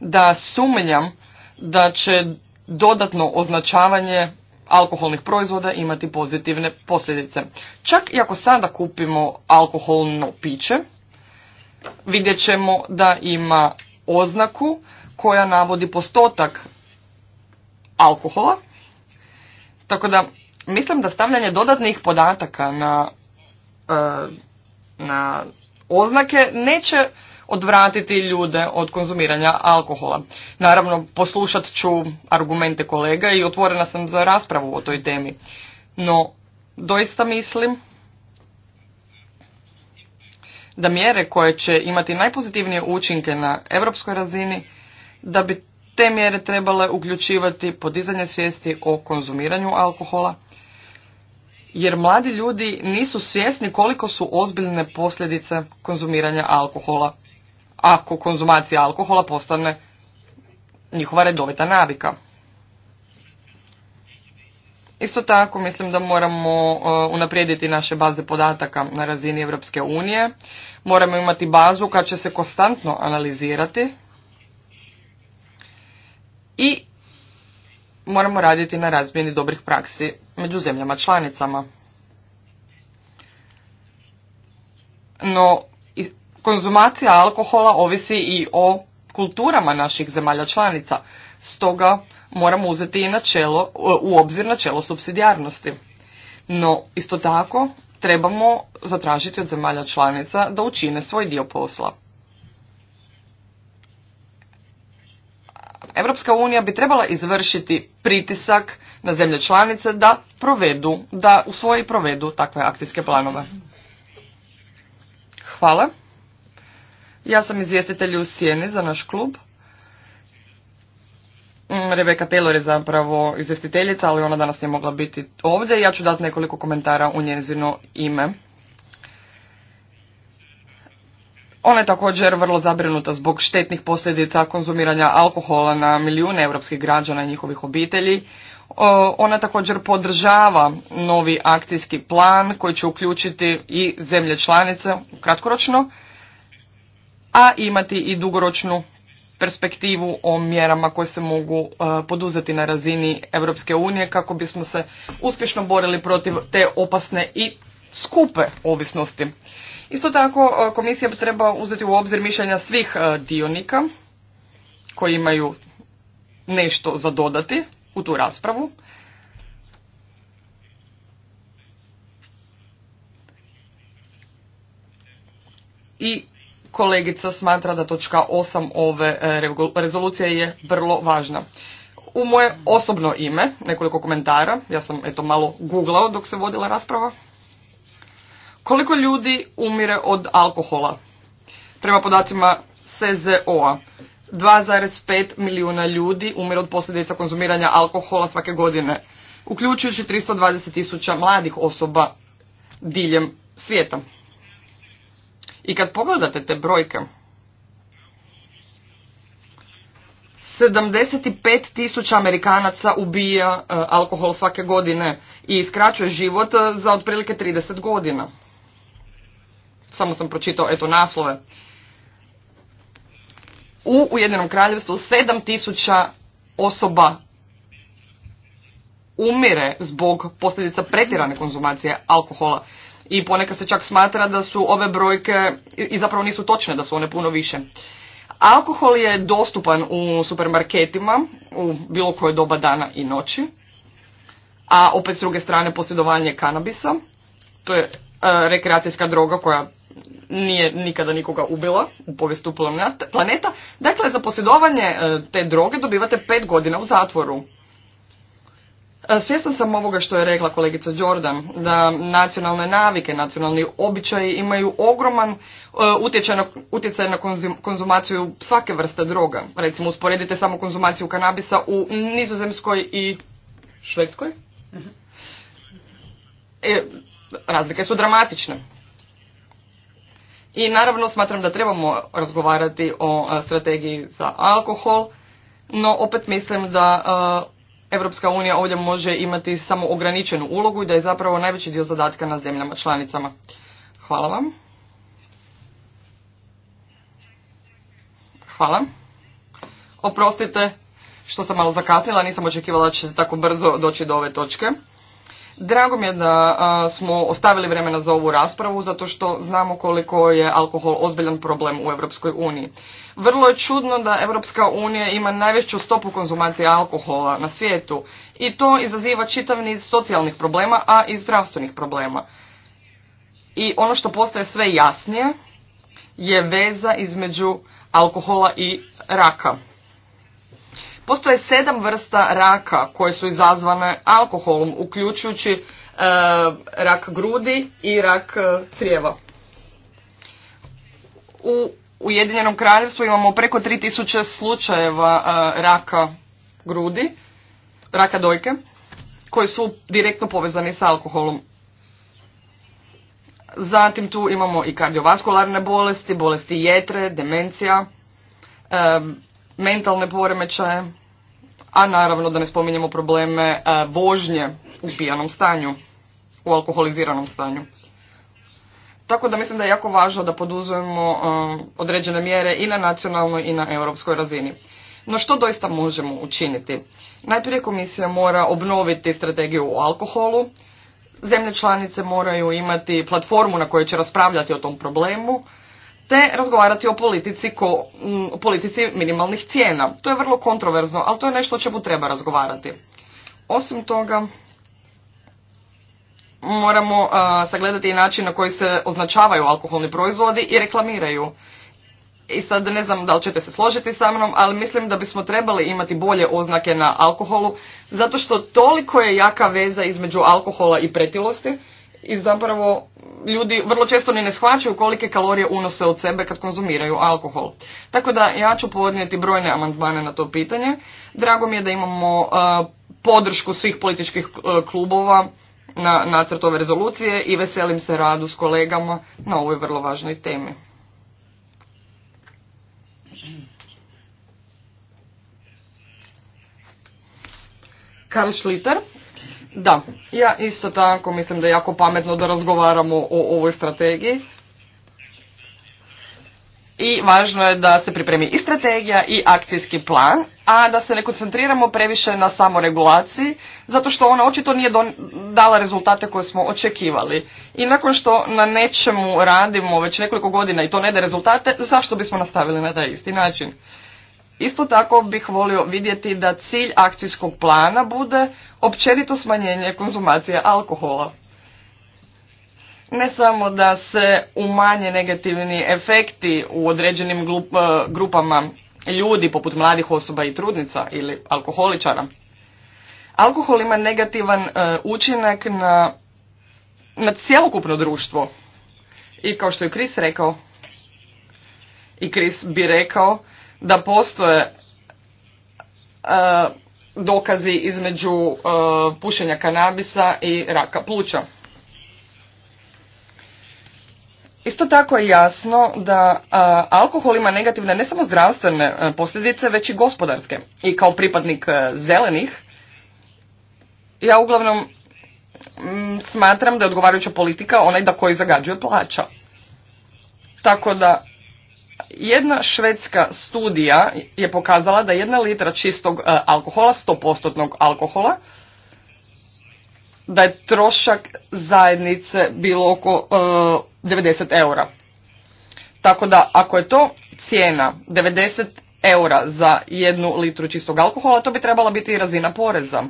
da sumnjam da će dodatno označavanje alkoholnih proizvoda imati pozitivne posljedice. Čak i ako sada kupimo alkoholno piće, vidjet ćemo da ima oznaku koja navodi postotak alkohola. Tako da mislim da stavljanje dodatnih podataka na, e, na oznake neće odvratiti ljude od konzumiranja alkohola. Naravno, poslušat ću argumente kolega i otvorena sam za raspravu o toj temi. No, doista mislim da mjere koje će imati najpozitivnije učinke na europskoj razini, da bi te mjere trebale uključivati podizanje svijesti o konzumiranju alkohola, jer mladi ljudi nisu svjesni koliko su ozbiljne posljedice konzumiranja alkohola ako konzumacija alkohola postane njihova redovita navika. Isto tako mislim da moramo e, unaprijediti naše baze podataka na razini Europske unije. Moramo imati bazu koja će se konstantno analizirati i moramo raditi na razmjeni dobrih praksi među zemljama članicama. No, konzumacija alkohola ovisi i o kulturama naših zemalja članica. Stoga moramo uzeti i načelo, u obzir načelo subsidijarnosti. No, isto tako, trebamo zatražiti od zemalja članica da učine svoj dio posla. Europska unija bi trebala izvršiti pritisak na zemlje članice da provedu, da u provedu takve akcijske planove. Hvala. Ja sam izvjestitelj u Sijeni za naš klub. Mm, Rebeka Taylor je zapravo izvjestiteljica, ali ona danas nije mogla biti ovdje. Ja ću dati nekoliko komentara u njezino ime. Ona je također vrlo zabrinuta zbog štetnih posljedica konzumiranja alkohola na milijune europskih građana i njihovih obitelji. Ona također podržava novi akcijski plan koji će uključiti i zemlje članice kratkoročno, a imati i dugoročnu perspektivu o mjerama koje se mogu e, poduzeti na razini Europske unije kako bismo se uspješno borili protiv te opasne i skupe ovisnosti. Isto tako e, komisija bi treba uzeti u obzir mišljenja svih e, dionika koji imaju nešto za dodati u tu raspravu. I kolegica smatra da točka 8 ove e, rezolucije je vrlo važna. U moje osobno ime, nekoliko komentara, ja sam eto malo googlao dok se vodila rasprava. Koliko ljudi umire od alkohola? Prema podacima CZO-a, 2,5 milijuna ljudi umire od posljedica konzumiranja alkohola svake godine, uključujući 320 tisuća mladih osoba diljem svijeta. I kad pogledate te brojke, 75 tisuća Amerikanaca ubija e, alkohol svake godine i iskraćuje život e, za otprilike 30 godina. Samo sam pročitao, eto, naslove. U Ujedinom kraljevstvu 7 tisuća osoba umire zbog posljedica pretirane konzumacije alkohola i ponekad se čak smatra da su ove brojke i zapravo nisu točne da su one puno više. Alkohol je dostupan u supermarketima u bilo koje doba dana i noći, a opet s druge strane posjedovanje kanabisa, to je e, rekreacijska droga koja nije nikada nikoga ubila u povijestu planeta. Dakle, za posjedovanje e, te droge dobivate pet godina u zatvoru. Svjestan sam ovoga što je rekla kolegica Jordan, da nacionalne navike, nacionalni običaji imaju ogroman e, utjecaj na konzumaciju svake vrste droga. Recimo, usporedite samo konzumaciju kanabisa u nizozemskoj i švedskoj. E, razlike su dramatične. I naravno smatram da trebamo razgovarati o e, strategiji za alkohol, no opet mislim da e, Europska unija ovdje može imati samo ograničenu ulogu i da je zapravo najveći dio zadatka na zemljama članicama. Hvala vam. Hvala. Oprostite što sam malo zakasnila, nisam očekivala da se tako brzo doći do ove točke. Drago mi je da smo ostavili vremena za ovu raspravu zato što znamo koliko je alkohol ozbiljan problem u Europskoj uniji. Vrlo je čudno da Europska unija ima najveću stopu konzumacije alkohola na svijetu i to izaziva čitav niz socijalnih problema, a i zdravstvenih problema. I ono što postaje sve jasnije je veza između alkohola i raka. Postoje sedam vrsta raka koje su izazvane alkoholom, uključujući e, rak grudi i rak e, crijeva. U Ujedinjenom kraljevstvu imamo preko 3000 slučajeva e, raka grudi, raka dojke, koji su direktno povezani sa alkoholom. Zatim tu imamo i kardiovaskularne bolesti, bolesti jetre, demencija, mentalne poremećaje, a naravno da ne spominjemo probleme e, vožnje u pijanom stanju, u alkoholiziranom stanju. Tako da mislim da je jako važno da poduzmemo e, određene mjere i na nacionalnoj i na europskoj razini. No što doista možemo učiniti? Najprije komisija mora obnoviti strategiju o alkoholu, zemlje članice moraju imati platformu na kojoj će raspravljati o tom problemu, te razgovarati o politici, ko, mm, politici minimalnih cijena. To je vrlo kontroverzno, ali to je nešto o čemu treba razgovarati. Osim toga, moramo sagledati i način na koji se označavaju alkoholni proizvodi i reklamiraju. I sad ne znam da li ćete se složiti sa mnom, ali mislim da bismo trebali imati bolje oznake na alkoholu, zato što toliko je jaka veza između alkohola i pretilosti, i zapravo ljudi vrlo često ni ne shvaćaju kolike kalorije unose od sebe kad konzumiraju alkohol. Tako da ja ću podnijeti brojne amandmane na to pitanje. Drago mi je da imamo e, podršku svih političkih e, klubova na nacrt ove rezolucije i veselim se radu s kolegama na ovoj vrlo važnoj temi. Karl Schlitter. Da, ja isto tako mislim da je jako pametno da razgovaramo o ovoj strategiji. I važno je da se pripremi i strategija i akcijski plan, a da se ne koncentriramo previše na samoregulaciji, zato što ona očito nije dala rezultate koje smo očekivali. I nakon što na nečemu radimo već nekoliko godina i to ne da rezultate, zašto bismo nastavili na taj isti način? Isto tako bih volio vidjeti da cilj akcijskog plana bude općenito smanjenje konzumacije alkohola. Ne samo da se umanje negativni efekti u određenim e, grupama ljudi poput mladih osoba i trudnica ili alkoholičara. Alkohol ima negativan e, učinak na, na cjelokupno društvo. I kao što je Kris rekao, i Kris bi rekao da postoje e, dokazi između e, pušenja kanabisa i raka pluća. Isto tako je jasno da e, alkohol ima negativne ne samo zdravstvene posljedice, već i gospodarske. I kao pripadnik zelenih, ja uglavnom mm, smatram da je odgovarajuća politika onaj da koji zagađuje plaća. Tako da jedna švedska studija je pokazala da jedna litra čistog e, alkohola, 100% alkohola, da je trošak zajednice bilo oko 90 e, eura. Tako da ako je to cijena 90 eura za jednu litru čistog alkohola, to bi trebala biti i razina poreza.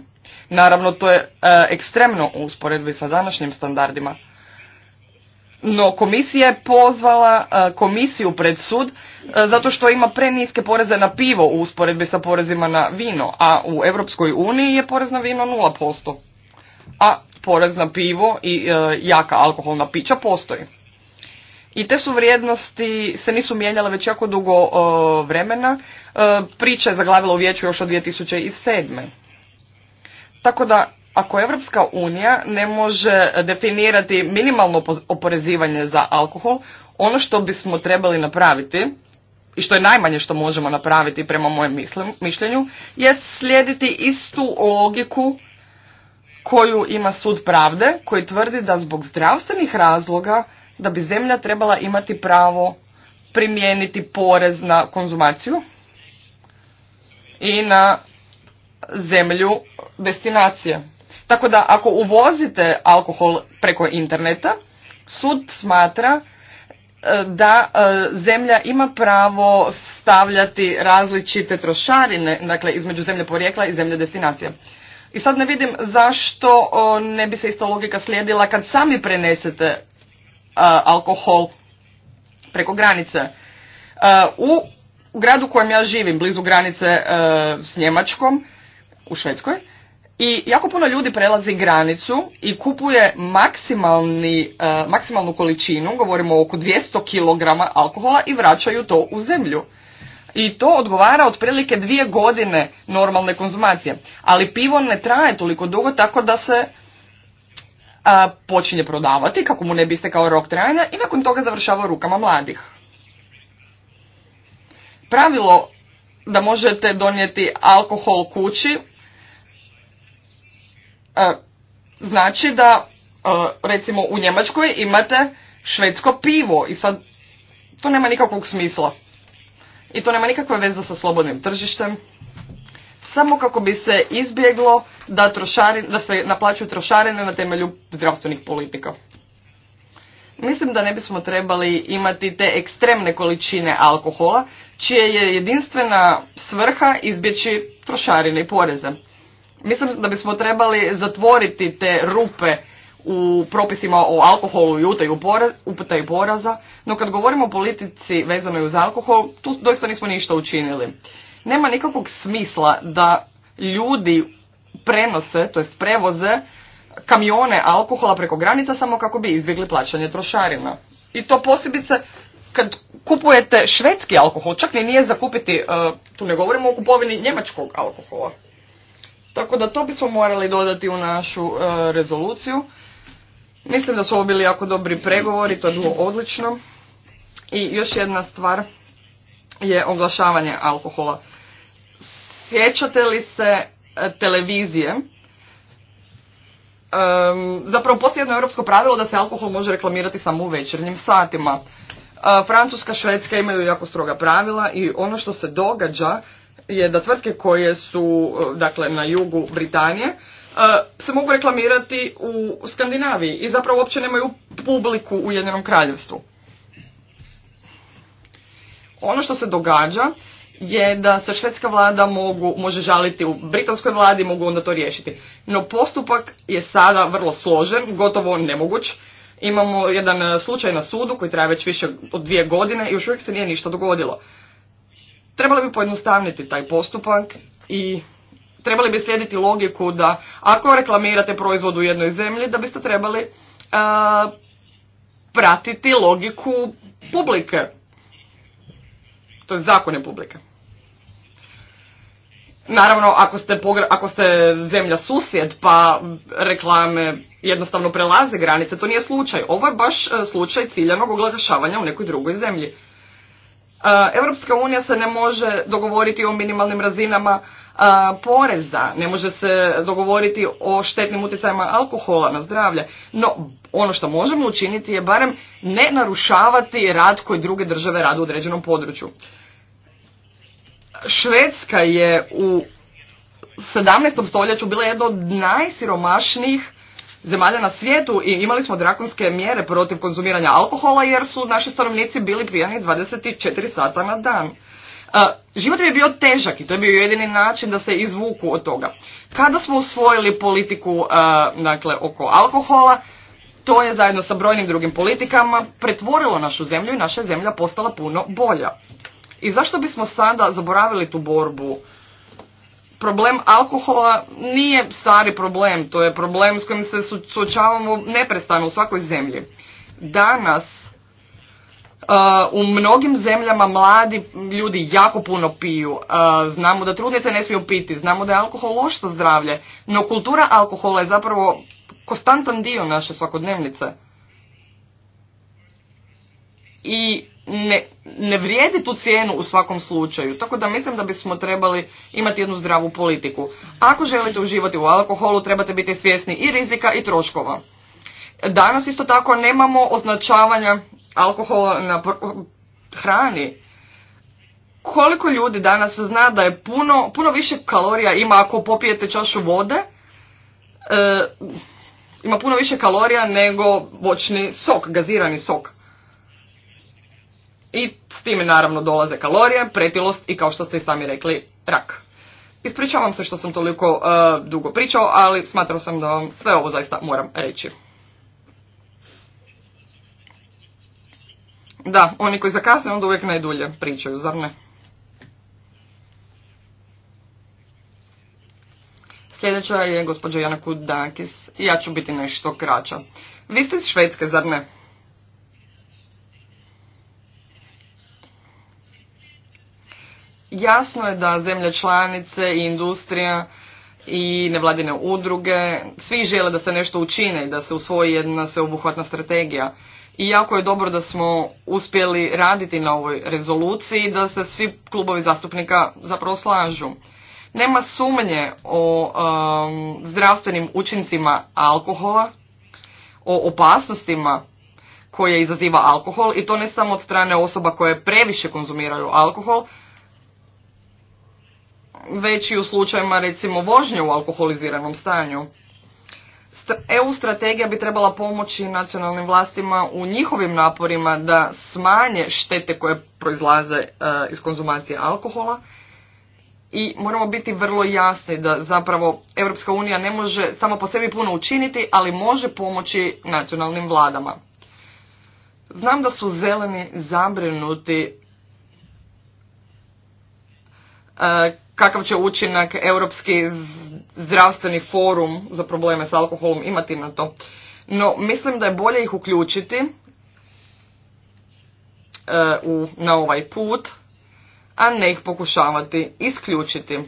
Naravno, to je e, ekstremno u usporedbi sa današnjim standardima no komisija je pozvala e, komisiju pred sud e, zato što ima preniske poreze na pivo u usporedbi sa porezima na vino, a u Europskoj uniji je porez na vino 0%, a porez na pivo i e, jaka alkoholna pića postoji. I te su vrijednosti se nisu mijenjale već jako dugo vremena. Priča je zaglavila u vijeću još od 2007. Tako da ako Europska unija ne može definirati minimalno oporezivanje za alkohol, ono što bismo trebali napraviti i što je najmanje što možemo napraviti prema mojem mišljenju, je slijediti istu logiku koju ima sud pravde, koji tvrdi da zbog zdravstvenih razloga da bi zemlja trebala imati pravo primijeniti porez na konzumaciju i na zemlju destinacije. Tako da ako uvozite alkohol preko interneta, sud smatra e, da e, zemlja ima pravo stavljati različite trošarine, dakle između zemlje porijekla i zemlje destinacije. I sad ne vidim zašto ne bi se ista logika slijedila kad sami prenesete e, alkohol preko granice. U gradu u kojem ja živim, blizu granice s Njemačkom, u Švedskoj, i jako puno ljudi prelazi granicu i kupuje maksimalni, e, maksimalnu količinu, govorimo oko 200 kg alkohola i vraćaju to u zemlju. I to odgovara otprilike dvije godine normalne konzumacije. Ali pivo ne traje toliko dugo tako da se počinje prodavati kako mu ne bi kao rok trajanja i nakon toga završava u rukama mladih. Pravilo da možete donijeti alkohol kući E, znači da e, recimo u Njemačkoj imate švedsko pivo i sad to nema nikakvog smisla. I to nema nikakve veze sa slobodnim tržištem. Samo kako bi se izbjeglo da, da se naplaćuju trošarine na temelju zdravstvenih politika. Mislim da ne bismo trebali imati te ekstremne količine alkohola, čije je jedinstvena svrha izbjeći trošarine i poreze. Mislim da bismo trebali zatvoriti te rupe u propisima o alkoholu i utaju poreza, poraza, no kad govorimo o politici vezanoj uz alkohol, tu doista nismo ništa učinili. Nema nikakvog smisla da ljudi prenose, to jest prevoze, kamione alkohola preko granica samo kako bi izbjegli plaćanje trošarina. I to posebice kad kupujete švedski alkohol, čak ni nije zakupiti, e, tu ne govorimo o kupovini njemačkog alkohola. Tako da to bismo morali dodati u našu e, rezoluciju. Mislim da su ovo bili jako dobri pregovori, to je bilo odlično. I još jedna stvar je oglašavanje alkohola. Sjećate li se e, televizije? zapravo postoji jedno europsko pravilo da se alkohol može reklamirati samo u večernjim satima. E, Francuska, Švedska imaju jako stroga pravila i ono što se događa je da tvrtke koje su eh, dakle na jugu Britanije eh, se mogu reklamirati u Skandinaviji i zapravo uopće nemaju publiku u Jedinom kraljevstvu. Ono što se događa je da se švedska vlada mogu, može žaliti u britanskoj vladi, mogu onda to riješiti. No postupak je sada vrlo složen, gotovo nemoguć. Imamo jedan eh, slučaj na sudu koji traje već više od dvije godine i još uvijek se nije ništa dogodilo. Trebali bi pojednostavniti taj postupak i trebali bi slijediti logiku da ako reklamirate proizvod u jednoj zemlji, da biste trebali pratiti logiku publike. To je zakone publike. Naravno, ako ste, ako ste zemlja susjed pa reklame jednostavno prelaze granice, to nije slučaj. Ovo je baš e, slučaj ciljanog oglašavanja u nekoj drugoj zemlji. Europska unija se ne može dogovoriti o minimalnim razinama e, poreza, ne može se dogovoriti o štetnim utjecajima alkohola na zdravlje, no ono što možemo učiniti je barem ne narušavati rad koji druge države rade u određenom području. Švedska je u 17. stoljeću bila jedna od najsiromašnijih zemalja na svijetu i imali smo drakonske mjere protiv konzumiranja alkohola jer su naši stanovnici bili pijani 24 sata na dan. Život mi je bio težak i to je bio jedini način da se izvuku od toga. Kada smo usvojili politiku dakle, oko alkohola, to je zajedno sa brojnim drugim politikama pretvorilo našu zemlju i naša zemlja postala puno bolja. I zašto bismo sada zaboravili tu borbu problem alkohola nije stari problem, to je problem s kojim se suočavamo neprestano u svakoj zemlji. Danas uh, u mnogim zemljama mladi ljudi jako puno piju, uh, znamo da trudnice ne smiju piti, znamo da je alkohol loš za zdravlje, no kultura alkohola je zapravo konstantan dio naše svakodnevnice. I ne, ne vrijedi tu cijenu u svakom slučaju. Tako da mislim da bismo trebali imati jednu zdravu politiku. Ako želite uživati u alkoholu, trebate biti svjesni i rizika i troškova. Danas isto tako nemamo označavanja alkohola na hrani. Koliko ljudi danas zna da je puno, puno više kalorija ima ako popijete čašu vode, e, ima puno više kalorija nego voćni sok, gazirani sok. I s time naravno dolaze kalorije, pretilost i kao što ste i sami rekli, rak. Ispričavam se što sam toliko e, dugo pričao, ali smatrao sam da vam sve ovo zaista moram reći. Da, oni koji zakasne onda uvijek najdulje pričaju, zar ne? Sljedeća je gospođa Jana Kudakis i ja ću biti nešto kraća. Vi ste iz Švedske, zar ne? Jasno je da zemlje članice i industrija i nevladine udruge, svi žele da se nešto učine i da se usvoji jedna sveobuhvatna strategija. I jako je dobro da smo uspjeli raditi na ovoj rezoluciji da se svi klubovi zastupnika zapravo slažu. Nema sumnje o um, zdravstvenim učincima alkohola, o opasnostima koje izaziva alkohol i to ne samo od strane osoba koje previše konzumiraju alkohol, već i u slučajima recimo vožnje u alkoholiziranom stanju. EU strategija bi trebala pomoći nacionalnim vlastima u njihovim naporima da smanje štete koje proizlaze e, iz konzumacije alkohola i moramo biti vrlo jasni da zapravo Europska unija ne može samo po sebi puno učiniti, ali može pomoći nacionalnim vladama. Znam da su zeleni zabrinuti e, kakav će učinak Europski zdravstveni forum za probleme s alkoholom imati na to. No, mislim da je bolje ih uključiti eh, u, na ovaj put, a ne ih pokušavati isključiti.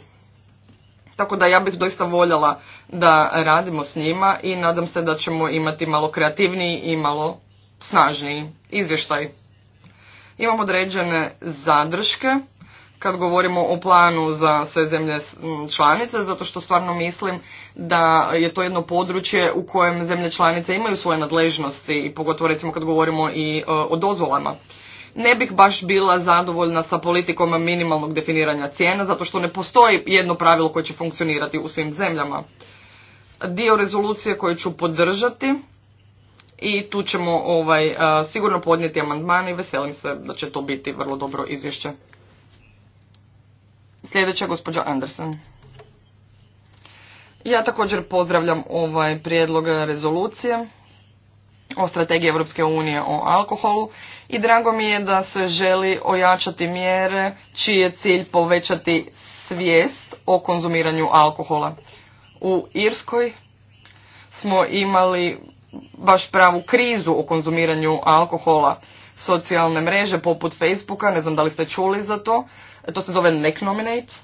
Tako da ja bih doista voljela da radimo s njima i nadam se da ćemo imati malo kreativniji i malo snažniji izvještaj. Imamo određene zadrške kad govorimo o planu za sve zemlje članice, zato što stvarno mislim da je to jedno područje u kojem zemlje članice imaju svoje nadležnosti i pogotovo recimo kad govorimo i e, o dozvolama. Ne bih baš bila zadovoljna sa politikom minimalnog definiranja cijena, zato što ne postoji jedno pravilo koje će funkcionirati u svim zemljama. Dio rezolucije koje ću podržati i tu ćemo ovaj, e, sigurno podnijeti amandman i veselim se da će to biti vrlo dobro izvješće. Sljedeća gospođa Anderson. Ja također pozdravljam ovaj prijedlog rezolucije o strategiji Europske unije o alkoholu i drago mi je da se želi ojačati mjere čiji je cilj povećati svijest o konzumiranju alkohola. U Irskoj smo imali baš pravu krizu o konzumiranju alkohola. Socijalne mreže poput Facebooka, ne znam da li ste čuli za to, to se zove neck nominate.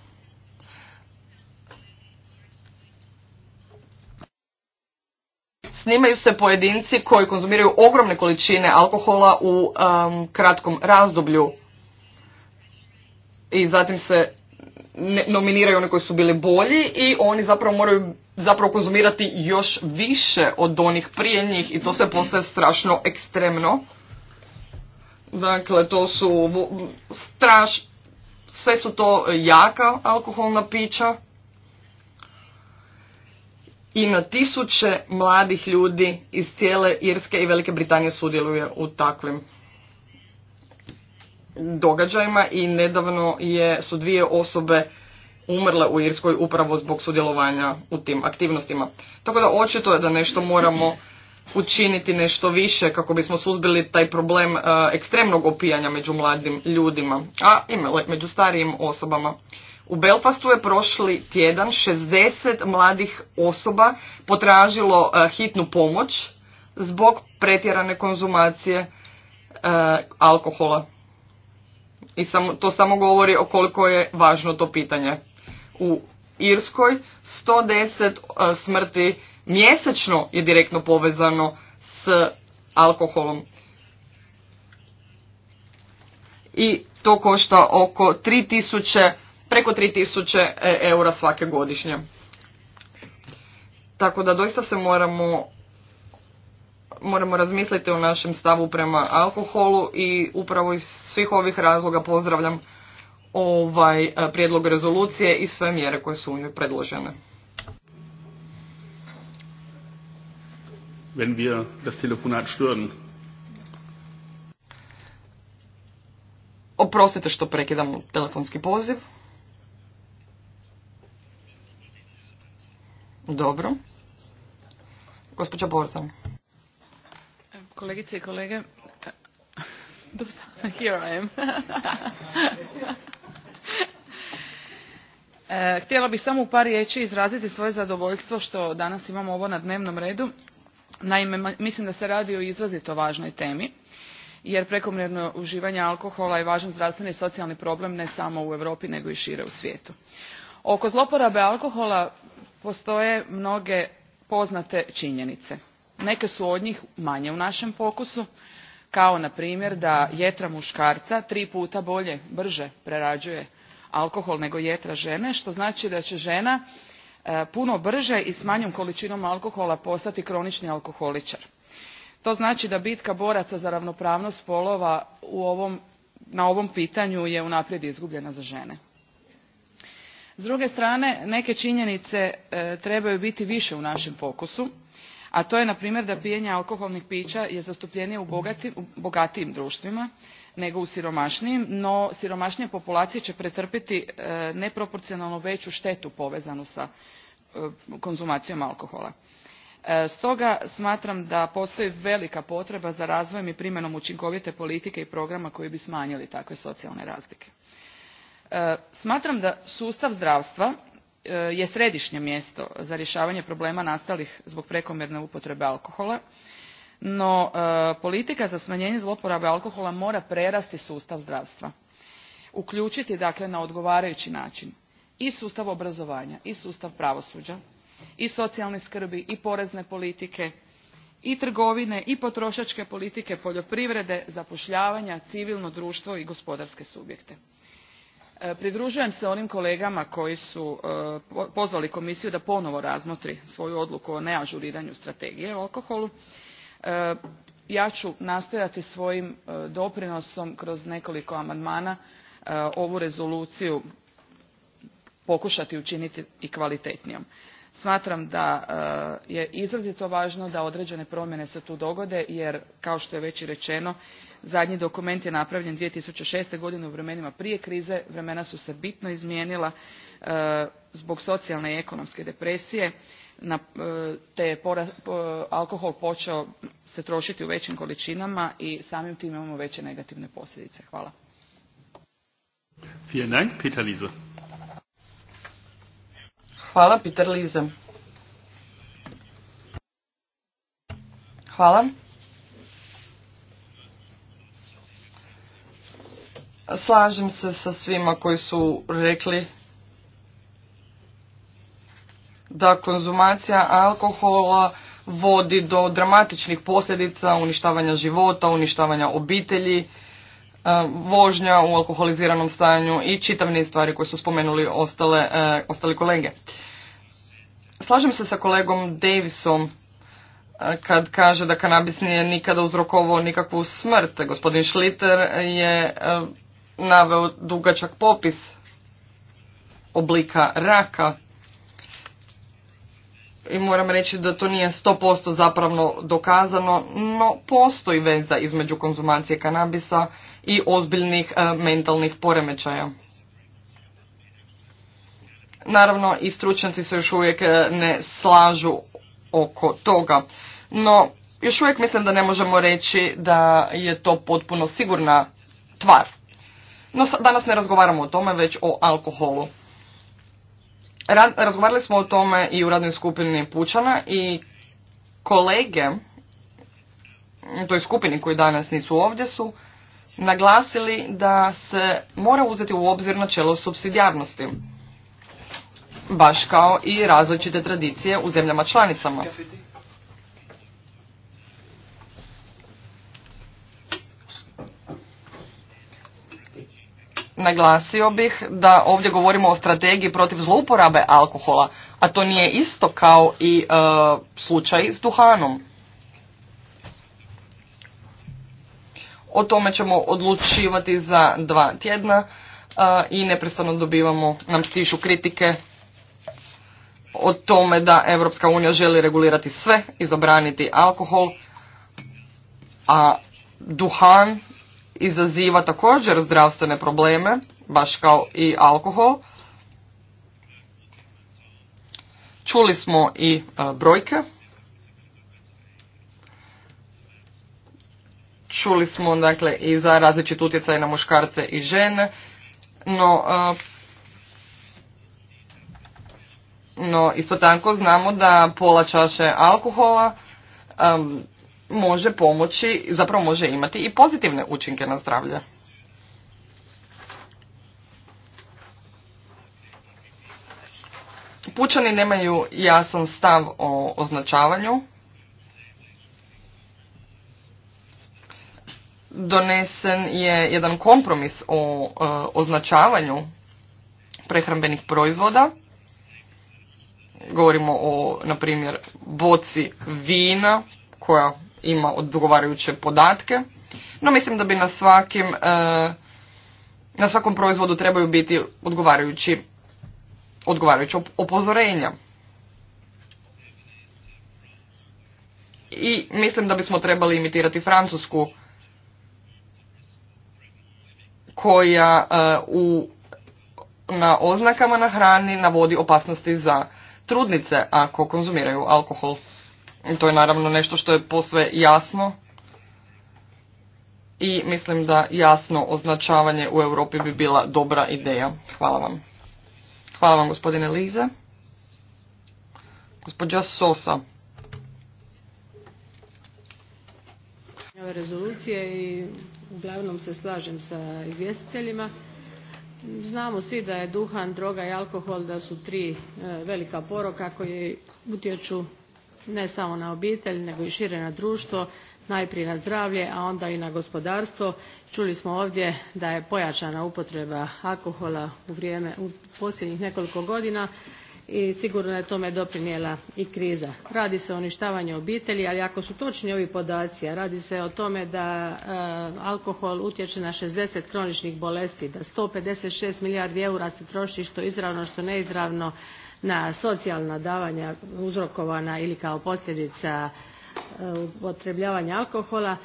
Snimaju se pojedinci koji konzumiraju ogromne količine alkohola u um, kratkom razdoblju i zatim se nominiraju oni koji su bili bolji i oni zapravo moraju konzumirati još više od onih prije njih i to se postaje strašno ekstremno. Dakle, to su straš, sve su to jaka alkoholna pića i na tisuće mladih ljudi iz cijele Irske i Velike Britanije sudjeluje u takvim događajima i nedavno je, su dvije osobe umrle u Irskoj upravo zbog sudjelovanja u tim aktivnostima. Tako da očito je da nešto moramo učiniti nešto više kako bismo suzbili taj problem e, ekstremnog opijanja među mladim ljudima, a i među starijim osobama. U Belfastu je prošli tjedan 60 mladih osoba potražilo e, hitnu pomoć zbog pretjerane konzumacije e, alkohola. I to samo govori o koliko je važno to pitanje. U Irskoj 110 smrti mjesečno je direktno povezano s alkoholom. I to košta oko 3000, preko 3000 e, eura svake godišnje. Tako da doista se moramo moramo razmisliti o našem stavu prema alkoholu i upravo iz svih ovih razloga pozdravljam ovaj e, prijedlog rezolucije i sve mjere koje su u njoj predložene. wenn wir das Telefonat stören. Oprostite što prekidam telefonski poziv. Dobro. Gospođa Borza. Kolegice i kolege, here I am. E, htjela bih samo u par riječi izraziti svoje zadovoljstvo što danas imamo ovo na dnevnom redu naime mislim da se radi o izrazito važnoj temi jer prekomjerno uživanje alkohola je važan zdravstveni i socijalni problem ne samo u europi nego i šire u svijetu. oko zloporabe alkohola postoje mnoge poznate činjenice neke su od njih manje u našem fokusu kao na primjer da jetra muškarca tri puta bolje brže prerađuje alkohol nego jetra žene što znači da će žena puno brže i s manjom količinom alkohola postati kronični alkoholičar. to znači da bitka boraca za ravnopravnost spolova na ovom pitanju je unaprijed izgubljena za žene. s druge strane neke činjenice e, trebaju biti više u našem fokusu a to je na primjer da pijenje alkoholnih pića je zastupljenije u bogatijim društvima nego u siromašnijim no siromašnije populacije će pretrpjeti e, neproporcionalno veću štetu povezanu sa e, konzumacijom alkohola e, stoga smatram da postoji velika potreba za razvojem i primjenom učinkovite politike i programa koji bi smanjili takve socijalne razlike smatram da sustav zdravstva je središnje mjesto za rješavanje problema nastalih zbog prekomjerne upotrebe alkohola no e, politika za smanjenje zlouporabe alkohola mora prerasti sustav zdravstva uključiti dakle na odgovarajući način i sustav obrazovanja i sustav pravosuđa i socijalne skrbi i porezne politike i trgovine i potrošačke politike poljoprivrede zapošljavanja civilno društvo i gospodarske subjekte. E, pridružujem se onim kolegama koji su e, pozvali komisiju da ponovo razmotri svoju odluku o neažuriranju strategije o alkoholu E, ja ću nastojati svojim e, doprinosom kroz nekoliko amandmana e, ovu rezoluciju pokušati učiniti i kvalitetnijom. Smatram da je izrazito važno da određene promjene se tu dogode jer kao što je već i rečeno zadnji dokument je napravljen 2006. godine u vremenima prije krize, vremena su se bitno izmijenila zbog socijalne i ekonomske depresije na, e, te je alkohol počeo se trošiti u većim količinama i samim tim imamo veće negativne posljedice. Hvala. Hvala, Peter Hvala. Slažem se sa svima koji su rekli da konzumacija alkohola vodi do dramatičnih posljedica uništavanja života, uništavanja obitelji, e, vožnja u alkoholiziranom stanju i čitav stvari koje su spomenuli ostale, e, ostali kolege. Slažem se sa kolegom Davisom e, kad kaže da kanabis nije nikada uzrokovao nikakvu smrt. Gospodin Schlitter je naveo dugačak popis oblika raka i moram reći da to nije 100% zapravno dokazano, no postoji veza između konzumacije kanabisa i ozbiljnih e, mentalnih poremećaja. Naravno i stručnjaci se još uvijek e, ne slažu oko toga, no još uvijek mislim da ne možemo reći da je to potpuno sigurna tvar. No danas ne razgovaramo o tome, već o alkoholu razgovarali smo o tome i u radnoj skupini Pučana i kolege u toj skupini koji danas nisu ovdje su naglasili da se mora uzeti u obzir načelo subsidijarnosti, baš kao i različite tradicije u zemljama članicama. naglasio bih da ovdje govorimo o strategiji protiv zlouporabe alkohola, a to nije isto kao i e, slučaj s duhanom. O tome ćemo odlučivati za dva tjedna e, i neprestano dobivamo, nam stišu kritike o tome da Europska unija želi regulirati sve i zabraniti alkohol, a duhan izaziva također zdravstvene probleme, baš kao i alkohol. Čuli smo i e, brojke. Čuli smo dakle i za različit utjecaj na muškarce i žene, no, e, no isto tako znamo da pola čaše alkohola može pomoći, zapravo može imati i pozitivne učinke na zdravlje. Pučani nemaju jasan stav o označavanju. Donesen je jedan kompromis o e, označavanju prehrambenih proizvoda. Govorimo o, na primjer, boci vina koja ima odgovarajuće podatke, no mislim da bi na svakim, e, na svakom proizvodu trebaju biti odgovarajući, odgovarajuća opozorenja. I mislim da bismo trebali imitirati Francusku koja e, u na oznakama na hrani navodi opasnosti za trudnice ako konzumiraju alkohol. I to je naravno nešto što je posve jasno i mislim da jasno označavanje u Europi bi bila dobra ideja. Hvala vam. Hvala vam gospodine Lize. Gospodja Sosa. rezolucije i uglavnom se slažem sa izvjestiteljima. Znamo svi da je duhan, droga i alkohol da su tri e, velika poroka koje utječu ne samo na obitelj nego i šire na društvo najprije na zdravlje a onda i na gospodarstvo. čuli smo ovdje da je pojačana upotreba alkohola u vrijeme posljednjih nekoliko godina i sigurno je tome doprinijela i kriza. radi se o uništavanju obitelji ali ako su točni ovi podaci a radi se o tome da e, alkohol utječe na sixty kroničnih bolesti da one hundred milijardi eura se troši što izravno što neizravno na socijalna davanja uzrokovana ili kao posljedica e, upotrebljavanja alkohola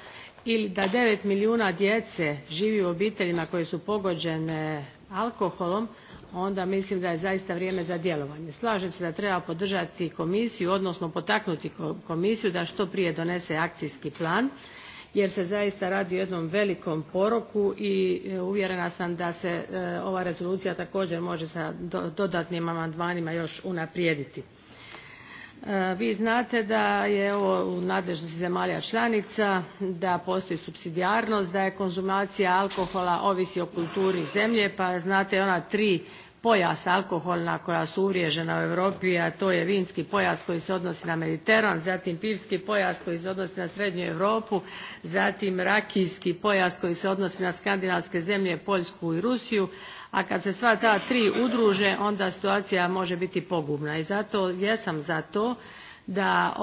ili da nine milijuna djece živi u obiteljima koje su pogođene alkoholom onda mislim da je zaista vrijeme za djelovanje. Slažem se da treba podržati komisiju odnosno potaknuti komisiju da što prije donese akcijski plan jer se zaista radi o jednom velikom poroku i e, uvjerena sam da se e, ova rezolucija također može sa dodatnim amandmanima još unaprijediti. E, vi znate da je ovo u nadležnosti zemalja članica, da postoji supsidijarnost, da je konzumacija alkohola ovisi o kulturi zemlje, pa znate ona tri pojas alkoholna koja su uvriježena u europi a to je vinski pojas koji se odnosi na mediteran zatim pivski pojas koji se odnosi na srednju europu zatim rakijski pojas koji se odnosi na skandinavske zemlje poljsku i rusiju a kad se sva ta tri udruže onda situacija može biti pogubna i zato jesam za to da eh,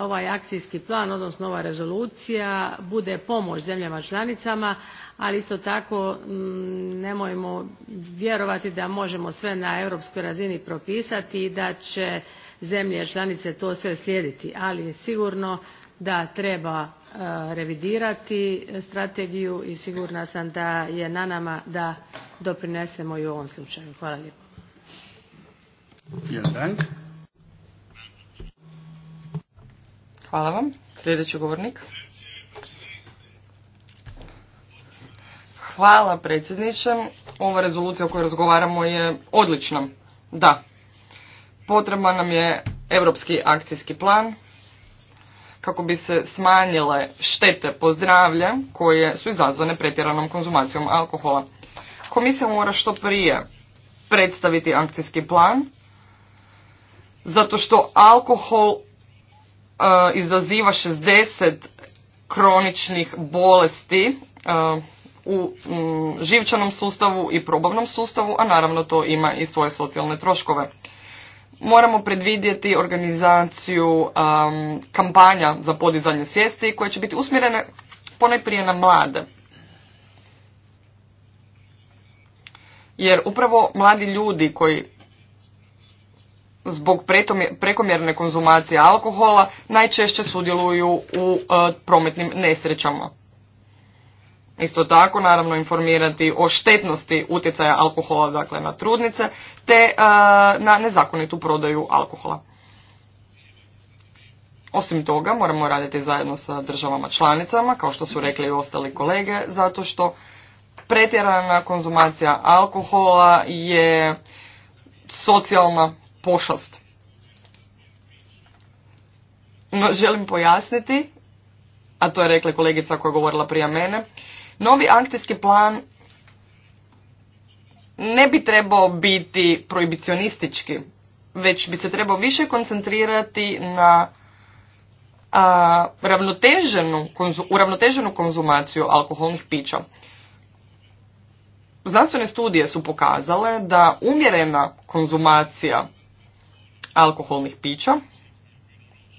ovaj akcijski plan odnosno ova rezolucija bude pomoć zemljama članicama ali isto tako mm, nemojmo vjerovati da možemo sve na europskoj razini propisati i da će zemlje članice to sve slijediti ali sigurno da treba eh, revidirati strategiju i sigurna sam da je na nama da doprinesemo i u ovom slučaju. Hvala vam. Sljedeći govornik. Hvala predsjedniče. Ova rezolucija o kojoj razgovaramo je odlična. Da. Potreban nam je europski akcijski plan kako bi se smanjile štete po zdravlje koje su izazvane pretjeranom konzumacijom alkohola. Komisija mora što prije predstaviti akcijski plan zato što alkohol E, izaziva 60 kroničnih bolesti e, u živčanom sustavu i probavnom sustavu, a naravno to ima i svoje socijalne troškove. Moramo predvidjeti organizaciju e, kampanja za podizanje svijesti koje će biti usmjerene ponajprije na mlade. Jer upravo mladi ljudi koji zbog prekomjerne konzumacije alkohola najčešće sudjeluju u e, prometnim nesrećama. Isto tako, naravno, informirati o štetnosti utjecaja alkohola dakle, na trudnice te e, na nezakonitu prodaju alkohola. Osim toga, moramo raditi zajedno sa državama članicama, kao što su rekli i ostali kolege, zato što pretjerana konzumacija alkohola je socijalna pošast. No, želim pojasniti, a to je rekla kolegica koja je govorila prije mene, novi akcijski plan ne bi trebao biti proibicionistički, već bi se trebao više koncentrirati na a, uravnoteženu konzumaciju alkoholnih pića. Znanstvene studije su pokazale da umjerena konzumacija alkoholnih pića,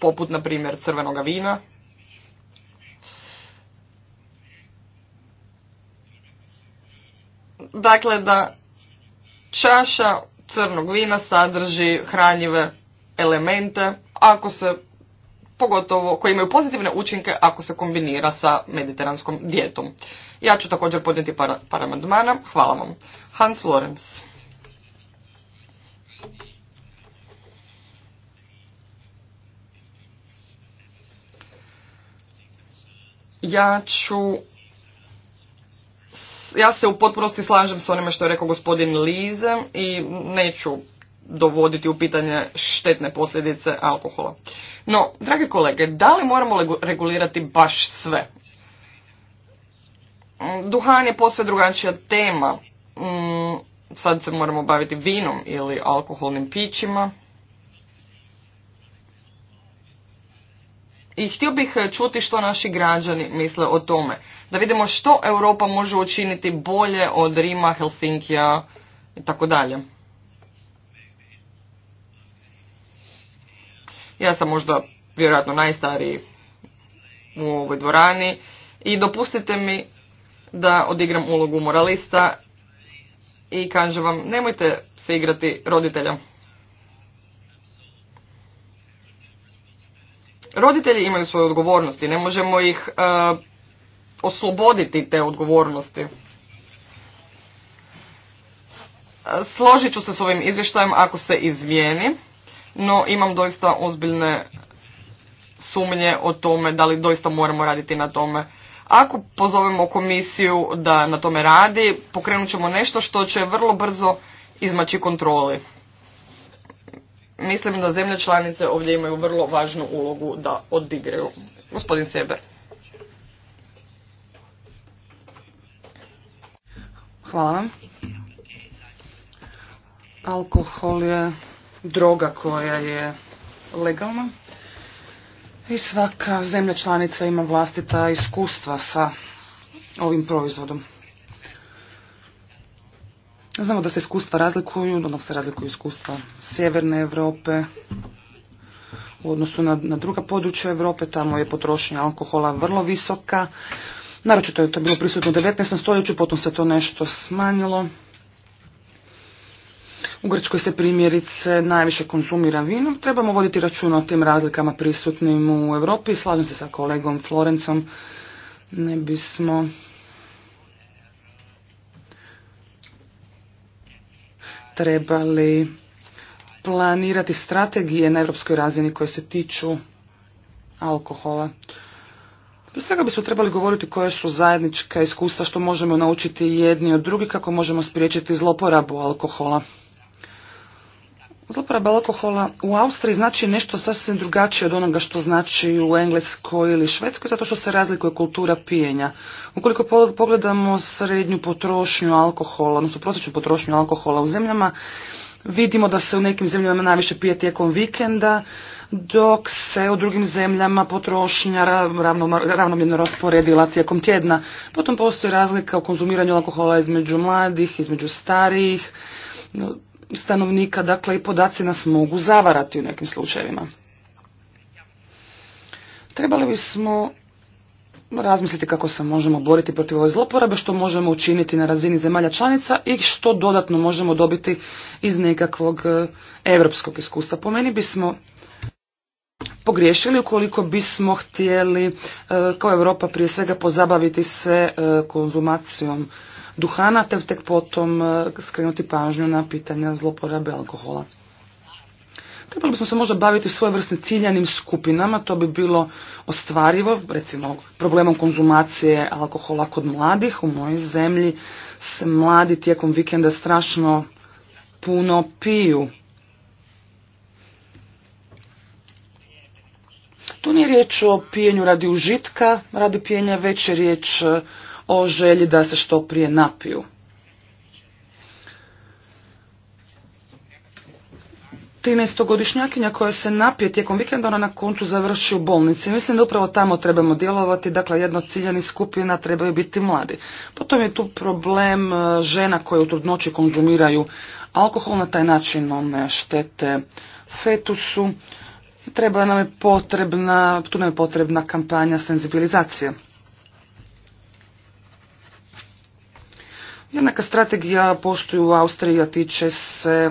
poput na primjer crvenoga vina, dakle da čaša crnog vina sadrži hranjive elemente ako se pogotovo koji imaju pozitivne učinke ako se kombinira sa mediteranskom dijetom. Ja ću također podnijeti par, amandmana. Hvala vam. Hans Lorenz. ja ću ja se u potpunosti slažem s onime što je rekao gospodin Lize i neću dovoditi u pitanje štetne posljedice alkohola. No, drage kolege, da li moramo regulirati baš sve? Mm, duhan je posve drugačija tema. Mm, sad se moramo baviti vinom ili alkoholnim pićima. i htio bih e, čuti što naši građani misle o tome. Da vidimo što Europa može učiniti bolje od Rima, Helsinkija i tako dalje. Ja sam možda vjerojatno najstariji u ovoj dvorani i dopustite mi da odigram ulogu moralista i kažem vam nemojte se igrati roditelja. Roditelji imaju svoje odgovornosti, ne možemo ih e, osloboditi te odgovornosti. E, složit ću se s ovim izvještajem ako se izvijeni, no imam doista ozbiljne sumnje o tome da li doista moramo raditi na tome. Ako pozovemo komisiju da na tome radi, pokrenut ćemo nešto što će vrlo brzo izmaći kontroli mislim da zemlje članice ovdje imaju vrlo važnu ulogu da odigraju. Gospodin Seber. Hvala vam. Alkohol je droga koja je legalna i svaka zemlja članica ima vlastita iskustva sa ovim proizvodom. Znamo da se iskustva razlikuju, da se razlikuju iskustva sjeverne Europe u odnosu na, na druga područja Europe, tamo je potrošnja alkohola vrlo visoka. to je to bilo prisutno u 19. stoljeću, potom se to nešto smanjilo. U Grčkoj se primjerice najviše konzumira vino. Trebamo voditi računa o tim razlikama prisutnim u Europi. Slažem se sa kolegom Florencom. Ne bismo trebali planirati strategije na europskoj razini koje se tiču alkohola. Prije svega bismo trebali govoriti koje su zajednička iskustva što možemo naučiti jedni od drugih kako možemo spriječiti zloporabu alkohola. Zloporaba alkohola u Austriji znači nešto sasvim drugačije od onoga što znači u Engleskoj ili Švedskoj, zato što se razlikuje kultura pijenja. Ukoliko pogledamo srednju potrošnju alkohola, odnosno prosječnu potrošnju alkohola u zemljama, vidimo da se u nekim zemljama najviše pije tijekom vikenda, dok se u drugim zemljama potrošnja ravnomjerno rasporedila tijekom tjedna. Potom postoji razlika u konzumiranju alkohola između mladih, između starijih, stanovnika, dakle i podaci nas mogu zavarati u nekim slučajevima. Trebali bismo razmisliti kako se možemo boriti protiv ove zloporabe, što možemo učiniti na razini zemalja članica i što dodatno možemo dobiti iz nekakvog europskog iskustva. Po meni bismo pogriješili ukoliko bismo htjeli e, kao Europa prije svega pozabaviti se e, konzumacijom duhana, te tek potom e, skrenuti pažnju na pitanja zloporabe alkohola. Trebali bismo se možda baviti svojevrsnim ciljanim skupinama, to bi bilo ostvarivo, recimo problemom konzumacije alkohola kod mladih. U mojoj zemlji se mladi tijekom vikenda strašno puno piju. Tu nije riječ o pijenju radi užitka, radi pijenja, već je riječ e, o želji da se što prije napiju. 13-godišnjakinja koja se napije tijekom vikenda, ona na koncu završi u bolnici. Mislim da upravo tamo trebamo djelovati, dakle jedno ciljani skupina trebaju biti mladi. Potom je tu problem e, žena koje u trudnoći konzumiraju alkohol, na taj način one štete fetusu. Treba nam potrebna, tu nam je potrebna kampanja senzibilizacije. Jednaka strategija postoji u Austriji, a tiče se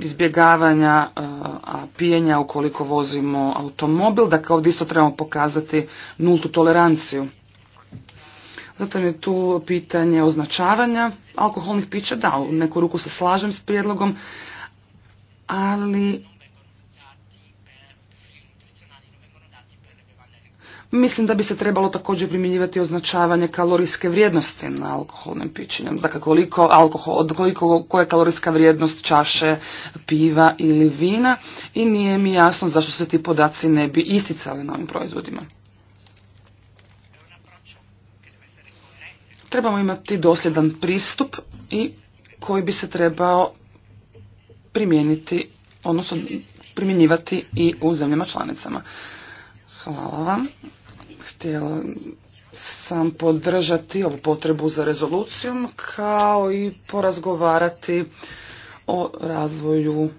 izbjegavanja e, a, pijenja ukoliko vozimo automobil, dakle ovdje isto trebamo pokazati nultu toleranciju. Zatim je tu pitanje označavanja alkoholnih pića, da, u neku ruku se slažem s prijedlogom, ali Mislim da bi se trebalo također primjenjivati označavanje kalorijske vrijednosti na alkoholnim pićima. Dakle, koliko, alkohol, koliko, koja je kalorijska vrijednost čaše piva ili vina i nije mi jasno zašto se ti podaci ne bi isticali na ovim proizvodima. Trebamo imati dosljedan pristup i koji bi se trebao primijeniti, odnosno primjenjivati i u zemljama članicama. Hvala vam htjela sam podržati ovu potrebu za rezolucijom kao i porazgovarati o razvoju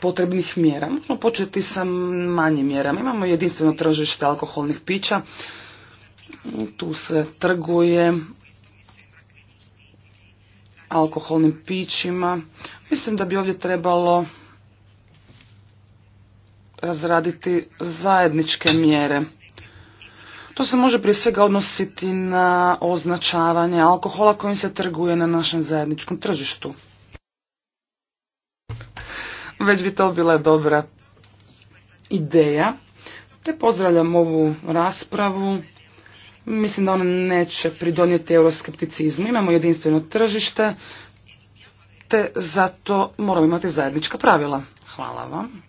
potrebnih mjera. Možemo početi sa manjim mjerama. Imamo jedinstveno tržište alkoholnih pića. Tu se trguje alkoholnim pićima. Mislim da bi ovdje trebalo razraditi zajedničke mjere. To se može prije svega odnositi na označavanje alkohola kojim se trguje na našem zajedničkom tržištu. Već bi to bila dobra ideja. Te pozdravljam ovu raspravu. Mislim da ona neće pridonijeti euroskepticizmu. Imamo jedinstveno tržište, te zato moramo imati zajednička pravila. Hvala vam.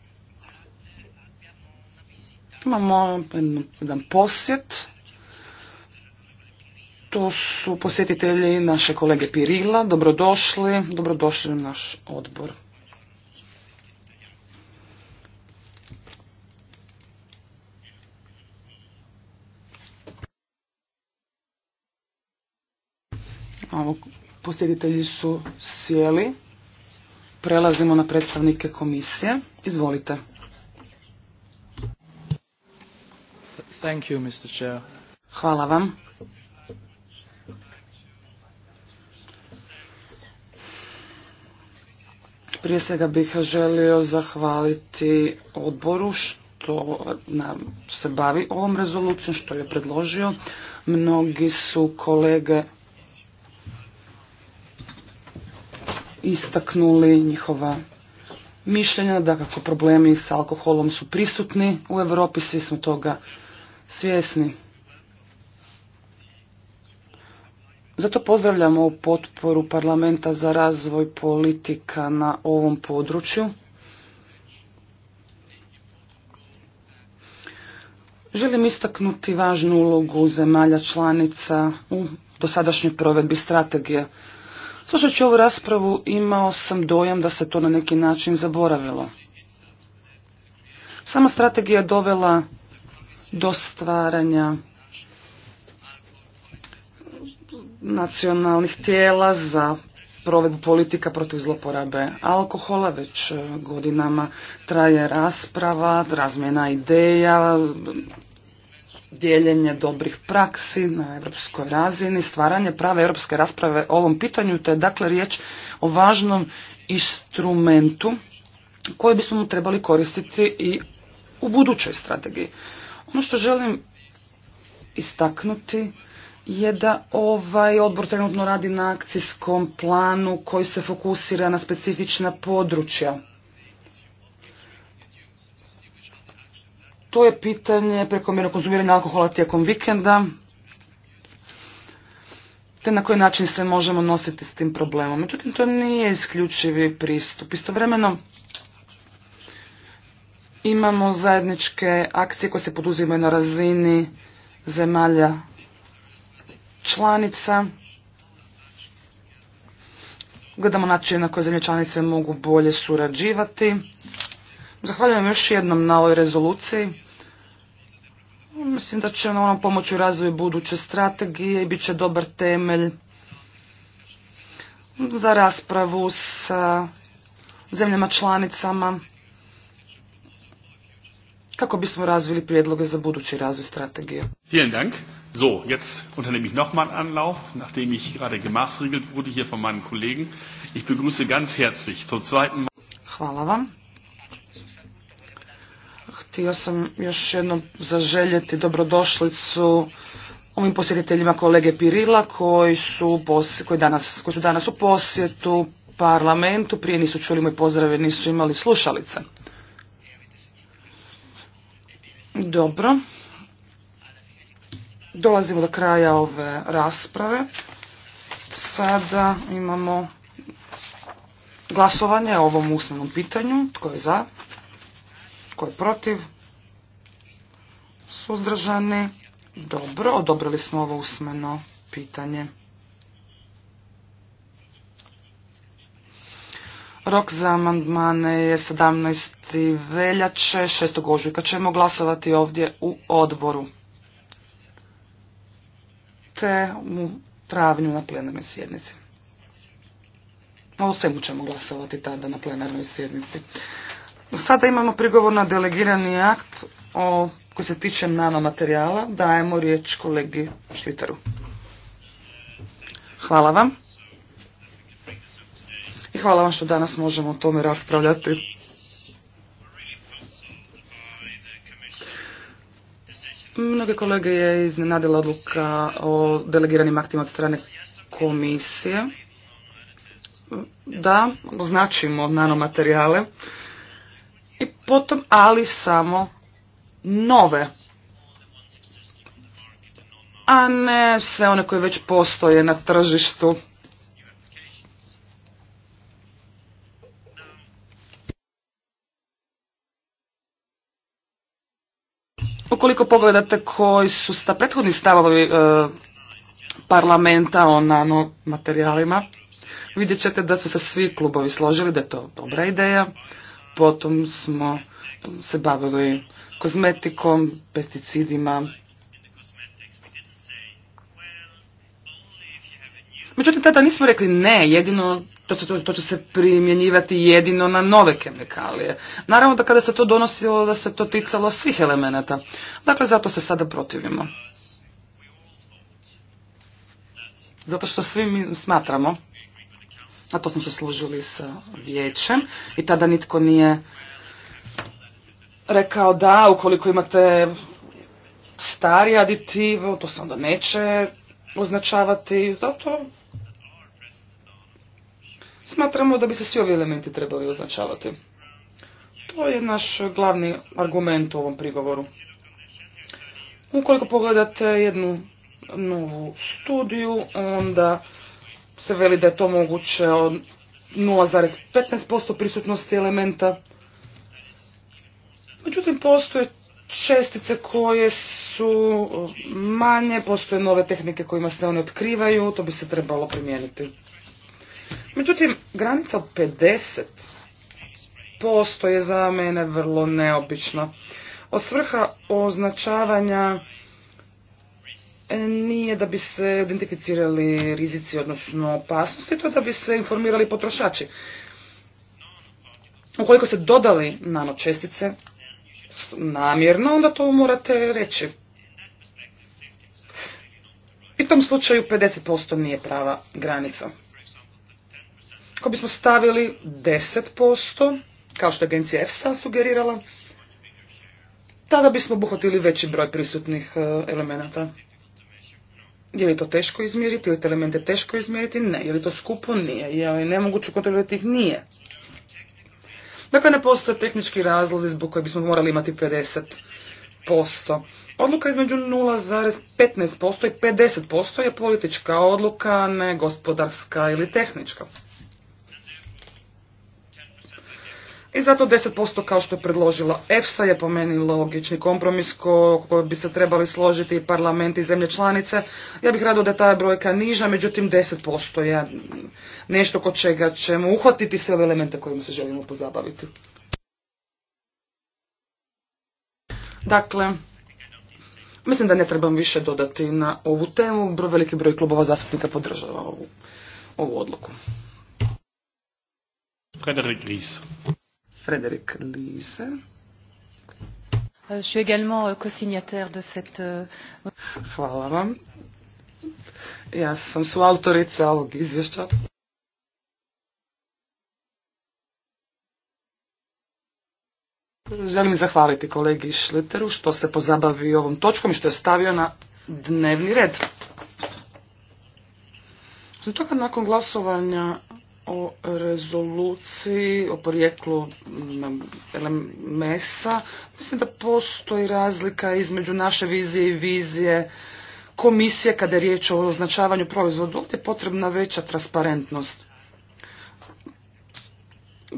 Imamo jedan posjet. To su posjetitelji naše kolege Pirila. Dobrodošli. Dobrodošli u naš odbor. Posjetitelji su sjeli. Prelazimo na predstavnike komisije. Izvolite. Thank you, Hvala vam. Prije svega bih želio zahvaliti odboru što se bavi ovom rezolucijom, što je predložio. Mnogi su kolege istaknuli njihova mišljenja da kako problemi s alkoholom su prisutni u Europi, svi smo toga svjesni. Zato pozdravljamo ovu potporu parlamenta za razvoj politika na ovom području. Želim istaknuti važnu ulogu zemalja članica u dosadašnjoj provedbi strategije. Slušajući ovu raspravu imao sam dojam da se to na neki način zaboravilo. Sama strategija dovela do stvaranja nacionalnih tijela za provedbu politika protiv zloporabe alkohola. Već e, godinama traje rasprava, razmjena ideja, dijeljenje dobrih praksi na europskoj razini, stvaranje prave europske rasprave o ovom pitanju, to je dakle riječ o važnom instrumentu koji bismo mu trebali koristiti i u budućoj strategiji. Ono što želim istaknuti je da ovaj odbor trenutno radi na akcijskom planu koji se fokusira na specifična područja. To je pitanje prekomjerno konzumiranja alkohola tijekom vikenda, te na koji način se možemo nositi s tim problemom. Međutim, to nije isključivi pristup. Istovremeno, Imamo zajedničke akcije koje se poduzimaju na razini zemalja članica. Gledamo način na koje zemlje članice mogu bolje surađivati. Zahvaljujem još jednom na ovoj rezoluciji. Mislim da će ona ono pomoći u razvoju buduće strategije i bit će dobar temelj za raspravu sa zemljama članicama kako bismo razvili prijedloge za budući razvoj strategije. Vielen Dank. So, jetzt unternehme ich noch mal Anlauf, nachdem ich gerade gemaßregelt wurde hier von meinen Kollegen. Ich begrüße ganz herzlich zum zweiten Mal. Hvala vam. Htio sam još jednom zaželjeti dobrodošlicu ovim posjetiteljima kolege Pirila koji su, posjet, koji, danas, koji su danas u posjetu parlamentu. Prije nisu čuli moj pozdrave, nisu imali slušalice. Dobro. Dolazimo do kraja ove rasprave. Sada imamo glasovanje o ovom usmenom pitanju. Tko je za? Tko je protiv? Suzdržani? Dobro, odobrili smo ovo usmeno pitanje. Rok za amandmane je 17. veljače, 6. ožujka ćemo glasovati ovdje u odboru. Te u travnju na plenarnoj sjednici. O svemu ćemo glasovati tada na plenarnoj sjednici. Sada imamo prigovor na delegirani akt o, koji se tiče nanomaterijala. Dajemo riječ kolegi Švitaru. Hvala vam hvala vam što danas možemo o tome raspravljati. Mnoge kolege je iznenadila odluka o delegiranim aktima od strane komisije. Da, označimo nanomaterijale. I potom, ali samo nove. A ne sve one koje već postoje na tržištu. Ukoliko pogledate koji su sta prethodni stavovi e, parlamenta o materijalima, vidjet ćete da su se svi klubovi složili da je to dobra ideja. Potom smo se bavili kozmetikom, pesticidima. Međutim, tada nismo rekli ne, jedino to, to, će se primjenjivati jedino na nove kemikalije. Naravno da kada se to donosilo, da se to ticalo svih elemenata. Dakle, zato se sada protivimo. Zato što svi mi smatramo, a to smo se služili sa vijećem, i tada nitko nije rekao da, ukoliko imate stari aditiv, to se onda neće označavati, zato Smatramo da bi se svi ovi elementi trebali označavati. To je naš glavni argument u ovom prigovoru. Ukoliko pogledate jednu novu studiju, onda se veli da je to moguće od 0,15% prisutnosti elementa. Međutim, postoje čestice koje su manje, postoje nove tehnike kojima se one otkrivaju, to bi se trebalo primijeniti. Međutim, granica od 50% je za mene vrlo neobična. svrha označavanja e, nije da bi se identificirali rizici, odnosno opasnosti, to da bi se informirali potrošači. Ukoliko ste dodali nanočestice namjerno, onda to morate reći. I u tom slučaju 50% nije prava granica ako bismo stavili 10%, kao što je agencija EFSA sugerirala, tada bismo obuhvatili veći broj prisutnih e, elemenata. Je li to teško izmjeriti? Je li te elemente teško izmjeriti? Ne. Je li to skupo? Nije. Je li nemoguće kontrolirati ih? Nije. Dakle, ne postoje tehnički razlozi zbog koje bismo morali imati 50%. Odluka između 0,15% i 50% je politička odluka, ne gospodarska ili tehnička. I zato 10% kao što je predložila EFSA je po meni logični kompromis koji bi se trebali složiti i parlament i zemlje članice. Ja bih rado da je ta brojka niža, međutim 10% je nešto kod čega ćemo uhvatiti sve ove elemente kojima se želimo pozabaviti. Dakle, mislim da ne trebam više dodati na ovu temu. Veliki broj klubova zastupnika podržava ovu, odluku. Frederik Frederik Lise. Euh, euh, euh, Hvala vam. Ja sam suautorica ovog izvješća. Želim zahvaliti kolegi Šleteru što se pozabavio ovom točkom i što je stavio na dnevni red. Zato toga nakon glasovanja o rezoluciji o porijeklu mm, mesa. Mislim da postoji razlika između naše vizije i vizije komisije kada je riječ o označavanju proizvoda. Ovdje je potrebna veća transparentnost.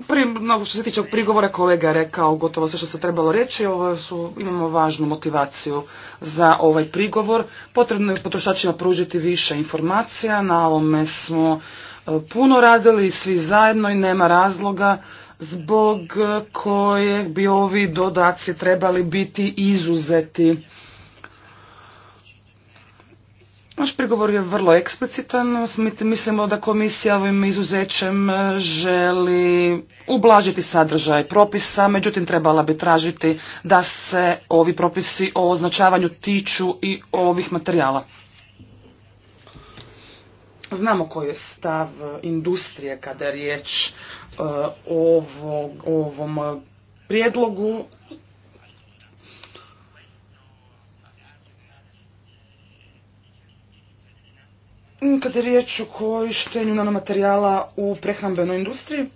Prije, što se tiče prigovora kolega rekao gotovo sve što se trebalo reći, ovo su, imamo važnu motivaciju za ovaj prigovor. Potrebno je potrošačima pružiti više informacija, na ovome smo E, puno radili svi zajedno i nema razloga zbog e, kojeg bi ovi dodaci trebali biti izuzeti. Naš prigovor je vrlo eksplicitan. Mislimo da komisija ovim izuzećem e, želi ublažiti sadržaj propisa, međutim trebala bi tražiti da se ovi propisi o označavanju tiču i ovih materijala. Znamo koji je stav industrije kada je riječ e, o ovom prijedlogu. Kada je riječ o korištenju nanomaterijala u prehrambenoj industriji,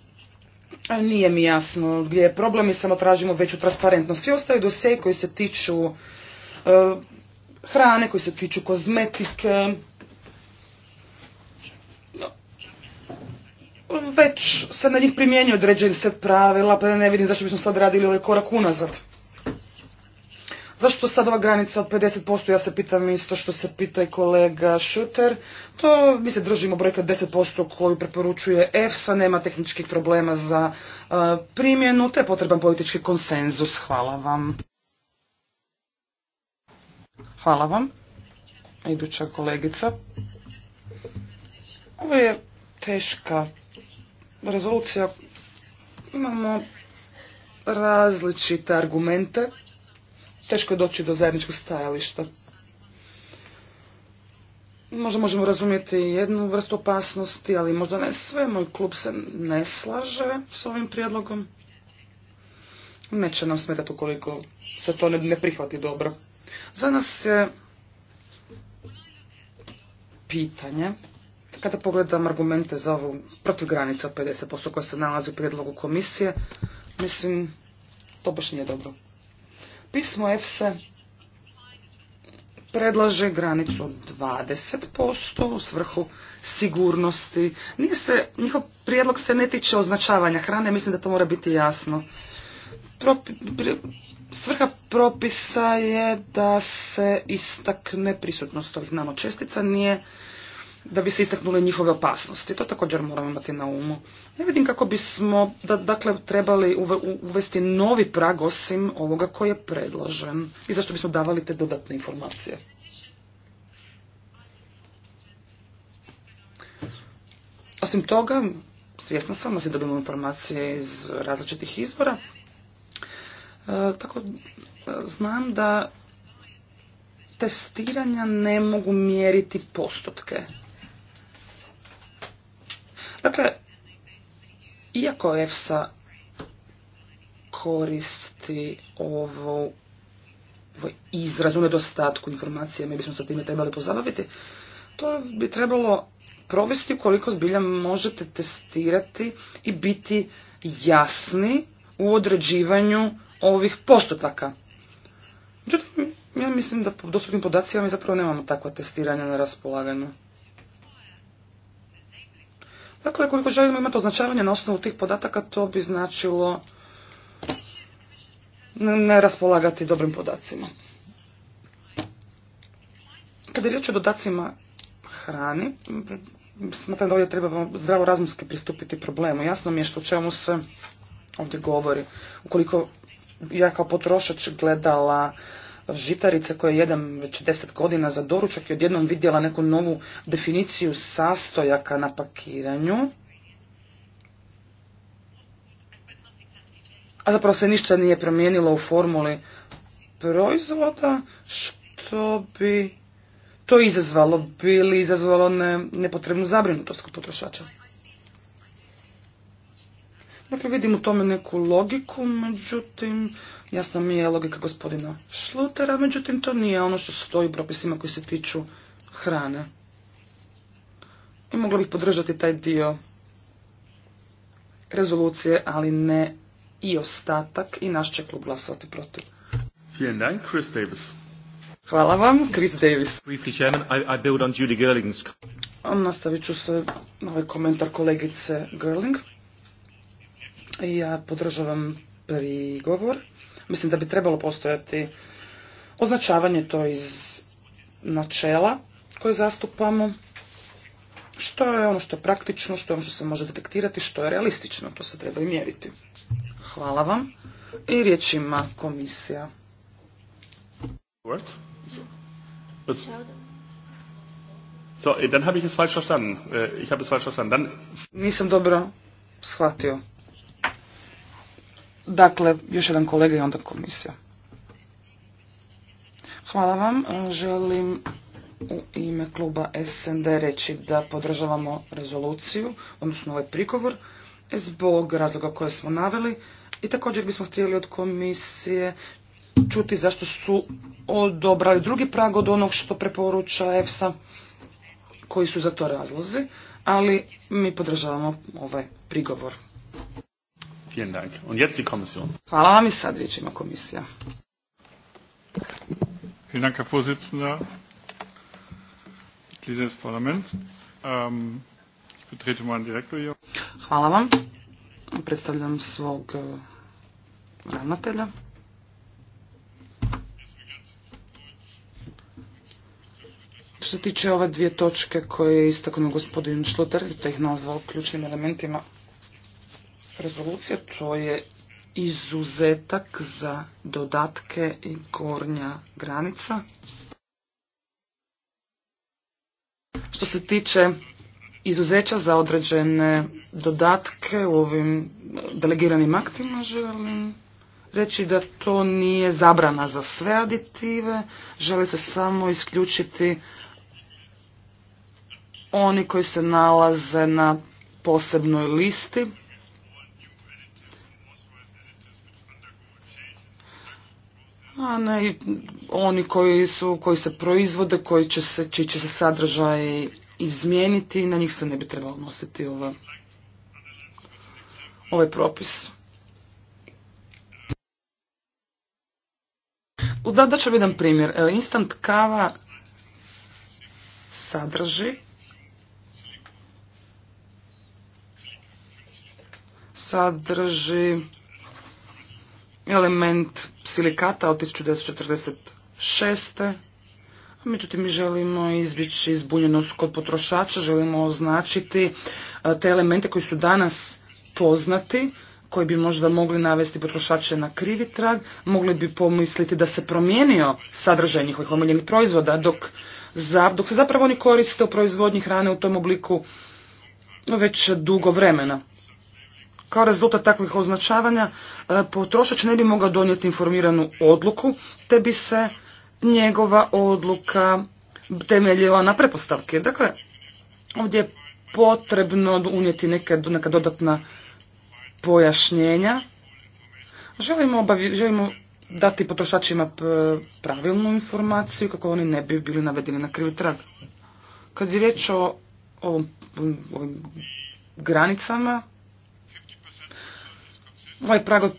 nije mi jasno gdje je problem i samo tražimo veću transparentnost. Svi ostaju dosje koji se tiču e, hrane, koji se tiču kozmetike, već se na njih primjenjuje određeni set pravila, pa ne vidim zašto bismo sad radili ovaj korak unazad. Zašto sad ova granica od 50%, ja se pitam isto što se pita i kolega Šuter, to mi se držimo brojka od 10% koju preporučuje EFSA, nema tehničkih problema za e, primjenu, te je potreban politički konsenzus. Hvala vam. Hvala vam. Iduća kolegica. Ovo je teška rezolucija imamo različite argumente. Teško je doći do zajedničkog stajališta. Možda možemo razumjeti jednu vrstu opasnosti, ali možda ne sve. Moj klub se ne slaže s ovim prijedlogom. Neće nam smetati ukoliko se to ne prihvati dobro. Za nas je pitanje kada pogledam argumente za ovu protiv granica 50% koja se nalazi u prijedlogu komisije, mislim, to baš nije dobro. Pismo EFSE predlaže granicu od 20% u svrhu sigurnosti. se, njihov prijedlog se ne tiče označavanja hrane, mislim da to mora biti jasno. svrha propisa je da se istakne prisutnost ovih nanočestica, nije da bi se istaknule njihove opasnosti. To također moramo imati na umu. Ne vidim kako bismo da, dakle, trebali uvesti novi prag osim ovoga koji je predložen i zašto bismo davali te dodatne informacije. Osim toga, svjesna sam da se dobimo informacije iz različitih izvora, e, tako znam da testiranja ne mogu mjeriti postotke. Dakle, iako EFSA koristi ovo ovaj izrazu nedostatku informacije, mi bismo sa time trebali pozabaviti, to bi trebalo provesti koliko zbilja možete testirati i biti jasni u određivanju ovih postotaka. Međutim, ja mislim da po dostupnim podacima mi zapravo nemamo takva testiranja na raspolaganju. Dakle, koliko želimo imati označavanje na osnovu tih podataka, to bi značilo ne raspolagati dobrim podacima. Kada je riječ o dodacima hrani, smatram da ovdje trebamo razumski pristupiti problemu. Jasno mi je što čemu se ovdje govori. Ukoliko ja kao potrošač gledala žitarice koje jedan već deset godina za doručak i odjednom vidjela neku novu definiciju sastojaka na pakiranju. A zapravo se ništa nije promijenilo u formuli proizvoda, što bi to izazvalo, bi li izazvalo nepotrebnu zabrinutost kod potrošača. Dakle, vidim u tome neku logiku, međutim, jasno mi je logika gospodina Šlutera, međutim, to nije ono što stoji u propisima koji se tiču hrane. I mogla bih podržati taj dio rezolucije, ali ne i ostatak i naš će klub glasovati protiv. Hvala vam, Chris Davis. Nastavit ću se na ovaj komentar kolegice Gerling. Ja podržavam prigovor. Mislim da bi trebalo postojati označavanje to iz načela koje zastupamo. Što je ono što je praktično, što je ono što se može detektirati, što je realistično, to se treba i mjeriti. Hvala vam. I riječ ima komisija. Eh, dann habe ich Nisam dobro shvatio. Dakle, još jedan kolega i onda komisija. Hvala vam. Želim u ime kluba SND reći da podržavamo rezoluciju, odnosno ovaj prigovor, zbog razloga koje smo naveli i također bismo htjeli od komisije čuti zašto su odobrali drugi prag od onog što preporuča EFSA, koji su za to razlozi, ali mi podržavamo ovaj prigovor. Vielen Dank. Und jetzt die Kommission. Hvala vam i sad riječ ima komisija. Vielen Dank, Herr Vorsitzender, Mitglieder des Parlaments. Ähm, ich betrete meinen Direktor hier. Hvala vam. Predstavljam svog eh, ravnatelja. Što se tiče ove dvije točke koje je istaknuo gospodin Šluter, te ih nazvao ključnim elementima rezolucija, to je izuzetak za dodatke i gornja granica. Što se tiče izuzeća za određene dodatke u ovim delegiranim aktima, želim reći da to nije zabrana za sve aditive, Žele se samo isključiti oni koji se nalaze na posebnoj listi. a ne oni koji, su, koji se proizvode, koji će se, čiji će se sadržaj izmijeniti na njih se ne bi trebalo nositi ovaj propis. Da, da ću jedan primjer. E, instant kava sadrži sadrži element silikata od 1946. Međutim, mi želimo izbjeći izbunjenost kod potrošača, želimo označiti e, te elemente koji su danas poznati, koji bi možda mogli navesti potrošače na krivi trag, mogli bi pomisliti da se promijenio sadržaj njihovih omiljenih proizvoda, dok, dok se zapravo oni koriste u proizvodnji hrane u tom obliku već dugo vremena. Kao rezultat takvih označavanja e, potrošač ne bi mogao donijeti informiranu odluku, te bi se njegova odluka temeljila na prepostavke. Dakle, ovdje je potrebno unijeti neke, neka dodatna pojašnjenja. Želimo, dati potrošačima pravilnu informaciju kako oni ne bi bili navedeni na krivi trag. Kad je riječ o ovim granicama, Ovaj prag od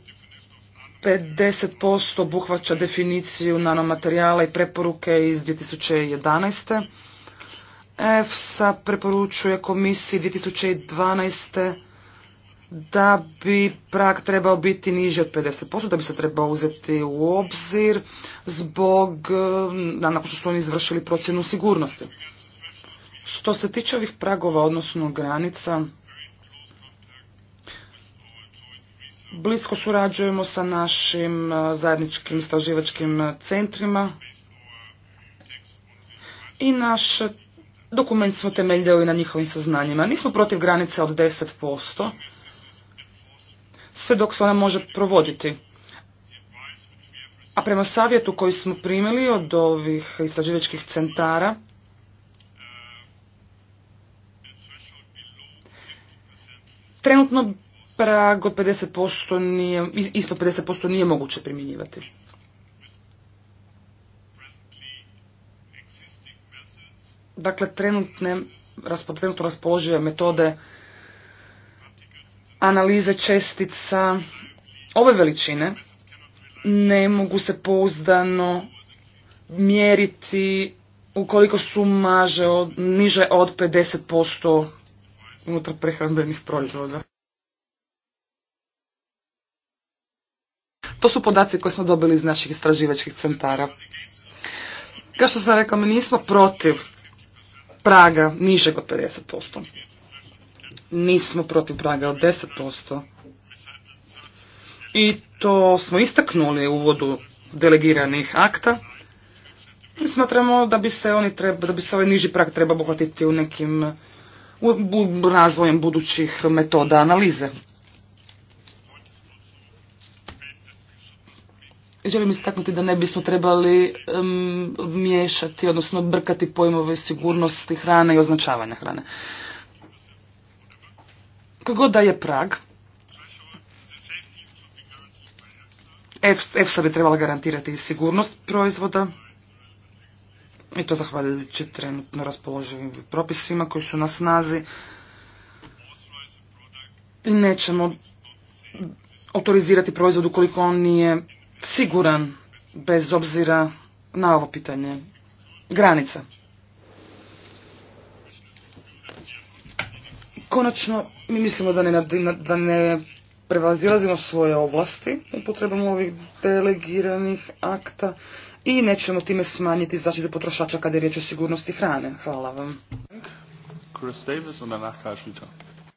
50% obuhvaća definiciju nanomaterijala i preporuke iz 2011. EFSA preporučuje komisiji 2012. da bi prag trebao biti niži od 50%, da bi se trebao uzeti u obzir zbog, eh, nakon što su oni izvršili procjenu sigurnosti. Što se tiče ovih pragova, odnosno granica, Blisko surađujemo sa našim e, zajedničkim istraživačkim e, centrima i naš e, dokument smo temeljili na njihovim saznanjima. Nismo protiv granice od 10%, sve dok se ona može provoditi. A prema savjetu koji smo primili od ovih istraživačkih centara, trenutno prag od 50% nije, ispod 50% nije moguće primjenjivati. Dakle, trenutne, trenutno raspoložive metode analize čestica ove veličine ne mogu se pouzdano mjeriti ukoliko su maže od, niže od 50% unutar prehrambenih proizvoda. To su podaci koje smo dobili iz naših istraživačkih centara. Kao što sam rekao, mi nismo protiv praga nižeg od 50%. Nismo protiv praga od 10%. I to smo istaknuli u uvodu delegiranih akta. I smatramo da bi se oni treba, da bi se ovaj niži prag treba obuhvatiti u nekim razvojem budućih metoda analize. želim istaknuti da ne bismo trebali um, miješati, odnosno brkati pojmove sigurnosti hrane i označavanja hrane. Kako da je prag, EFSA bi trebala garantirati sigurnost proizvoda, i to zahvaljujući trenutno raspoloživim propisima koji su na snazi. I Nećemo autorizirati proizvod ukoliko on nije siguran bez obzira na ovo pitanje granica. Konačno, mi mislimo da ne, da ne prevazilazimo svoje ovlasti upotrebom ovih delegiranih akta i nećemo time smanjiti zaštitu potrošača kada je riječ o sigurnosti hrane. Hvala vam.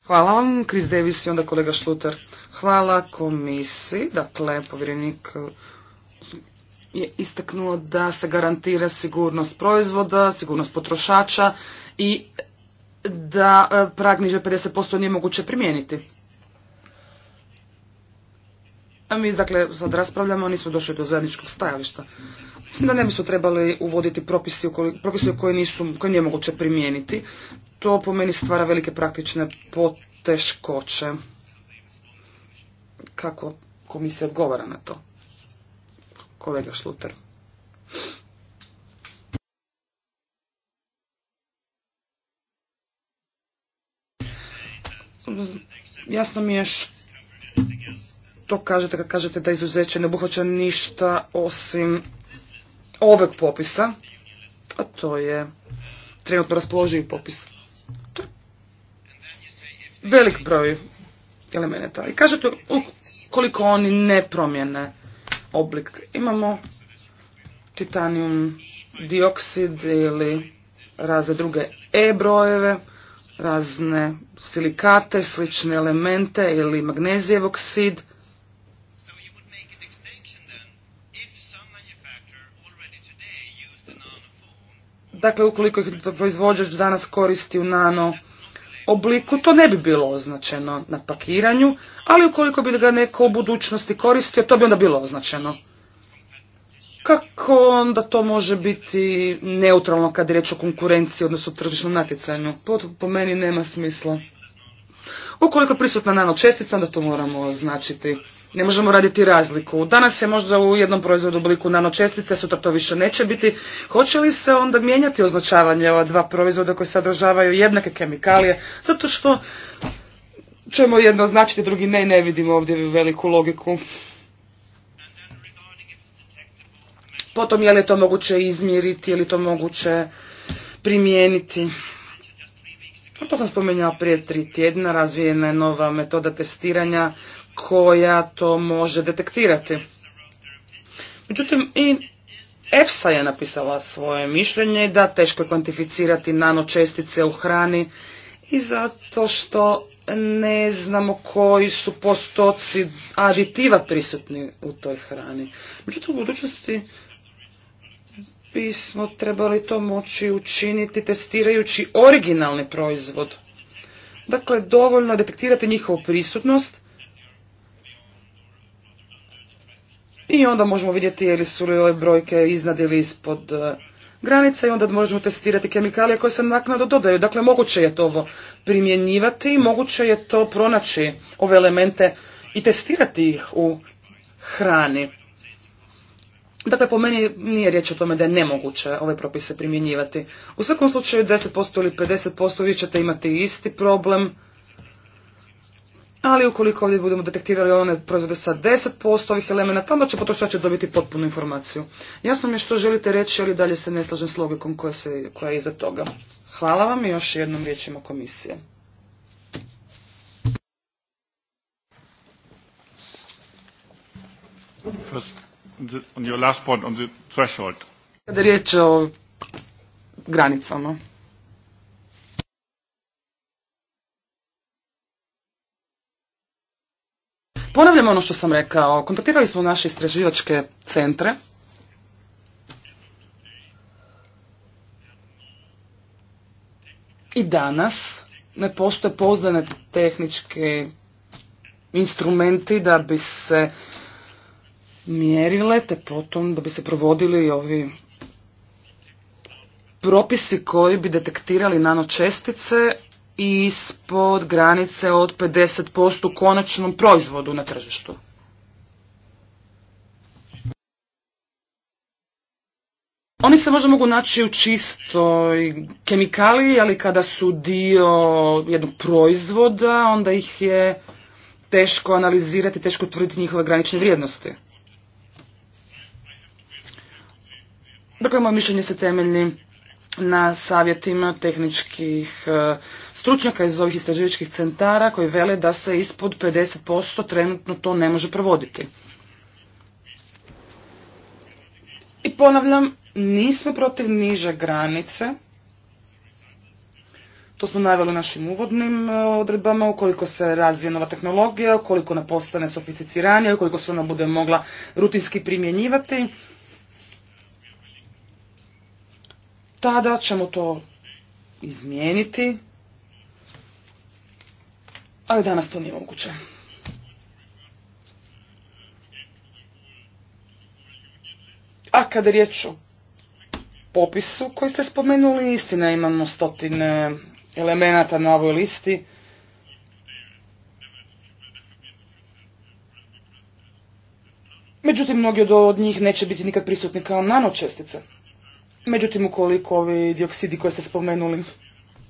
Hvala vam, Chris Davis i onda kolega Šluter. Hvala komisiji, dakle, povjerenik uh, je istaknuo da se garantira sigurnost proizvoda, sigurnost potrošača i da uh, prag niže 50% nije moguće primijeniti. A mi, dakle, sad raspravljamo, nismo došli do zajedničkog stajališta. Mislim da ne bi su trebali uvoditi propise koje, nisu, koje nije moguće primijeniti. To po meni stvara velike praktične poteškoće. Kako komisija odgovara na to? Kolega Šluter. Jasno mi je to kažete kad kažete da izuzeće ne obuhvaća ništa osim ovog popisa, a to je trenutno raspoloživi popis. velik broj elemenata. I kažete, koliko oni ne promjene oblik. Imamo titanium dioksid ili razne druge E brojeve, razne silikate, slične elemente ili magnezijev oksid, Dakle, ukoliko ih proizvođač danas koristi u nano obliku, to ne bi bilo označeno na pakiranju, ali ukoliko bi ga neko u budućnosti koristio, to bi onda bilo označeno. Kako onda to može biti neutralno kad je riječ o konkurenciji, odnosno tržišnom natjecanju? Po, po meni nema smisla. Ukoliko je prisutna čestica, onda to moramo označiti. Ne možemo raditi razliku. Danas je možda u jednom proizvodu u obliku nanočestice, sutra to više neće biti. Hoće li se onda mijenjati označavanje ova dva proizvoda koji sadržavaju jednake kemikalije? Zato što ćemo jedno značiti, drugi ne ne vidimo ovdje veliku logiku. Potom je li to moguće izmjeriti, je li to moguće primijeniti. To sam spomenjala prije tri tjedna, razvijena je nova metoda testiranja koja to može detektirati. Međutim, i EFSA je napisala svoje mišljenje da teško je kvantificirati nanočestice u hrani i zato što ne znamo koji su postoci aditiva prisutni u toj hrani. Međutim, u budućnosti bismo trebali to moći učiniti testirajući originalni proizvod. Dakle, dovoljno detektirati njihovu prisutnost i onda možemo vidjeti je li su li ove brojke iznad ili ispod e, granica i onda možemo testirati kemikalije koje se naknadno dodaju. Dakle, moguće je to ovo primjenjivati, moguće je to pronaći ove elemente i testirati ih u hrani. Dakle, po meni nije riječ o tome da je nemoguće ove propise primjenjivati. U svakom slučaju 10% ili 50% vi ćete imati isti problem ali ukoliko ovdje budemo detektirali one proizvode sa 10% ovih elemenata, onda će potrošač dobiti potpunu informaciju. Jasno mi je što želite reći, ali dalje se ne slažem s logikom koja, se, koja je iza toga. Hvala vam i još jednom riječima komisije. Kada je riječ o granicama. Ponavljam ono što sam rekao, kontaktirali smo naše istraživačke centre, I danas ne postoje pozdane tehničke instrumenti da bi se mjerile, te potom da bi se provodili ovi propisi koji bi detektirali nanočestice ispod granice od 50% konačnom proizvodu na tržištu. Oni se možda mogu naći u čistoj kemikaliji, ali kada su dio jednog proizvoda, onda ih je teško analizirati, teško utvrditi njihove granične vrijednosti. Dakle, moje mišljenje se temeljni na savjetima tehničkih e, stručnjaka iz ovih istraživačkih centara koji vele da se ispod 50% trenutno to ne može provoditi. I ponavljam, nismo protiv niže granice. To smo naveli našim uvodnim e, odredbama, ukoliko se razvije nova tehnologija, ukoliko ona postane sofisticiranija, ukoliko se ona bude mogla rutinski primjenjivati. tada ćemo to izmijeniti, ali danas to nije moguće. A kada je riječ o popisu koji ste spomenuli, istina imamo stotine elemenata na ovoj listi. Međutim, mnogi od njih neće biti nikad prisutni kao nanočestice. Međutim, ukoliko ovi dioksidi koje ste spomenuli,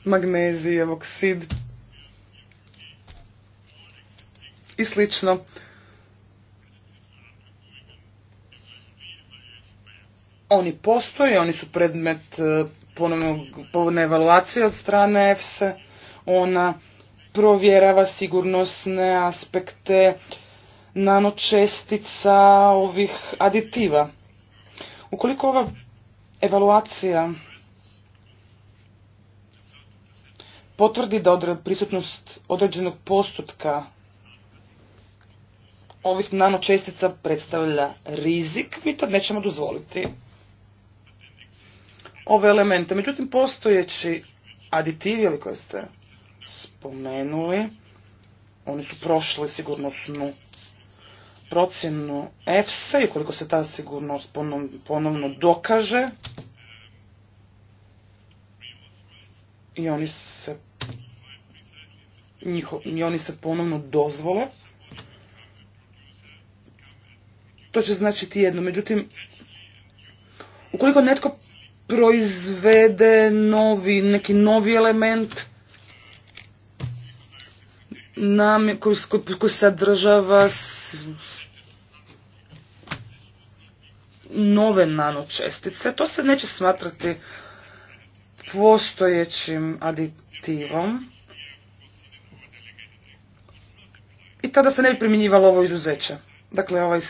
magnezij, oksid i slično, oni postoje, oni su predmet e, ponovne evaluacije od strane EFSE, ona provjerava sigurnosne aspekte nanočestica ovih aditiva. Ukoliko ova evaluacija potvrdi da prisutnost određenog postotka ovih nanočestica predstavlja rizik, mi to nećemo dozvoliti ove elemente. Međutim, postojeći aditivi, koje ste spomenuli, oni su prošli sigurnosnu procjenu EFSA i koliko se ta sigurnost ponovno dokaže i oni se oni se ponovno dozvole to će značiti jedno međutim ukoliko netko proizvede novi neki novi element koji sadržava nove nanočestice. To se neće smatrati postojećim aditivom. I tada se ne bi primjenjivalo ovo izuzeće. Dakle, ovaj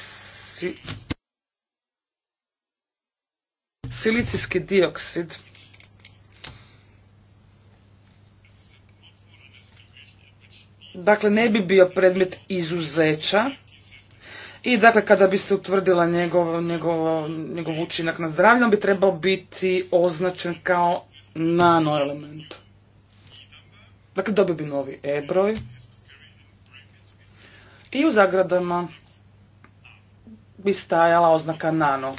silicijski dioksid dakle ne bi bio predmet izuzeća i dakle, kada bi se utvrdila njegov, njegov učinak na zdravlje, on bi trebao biti označen kao nanoelement. Dakle, dobio bi novi e-broj. I u zagradama bi stajala oznaka nano.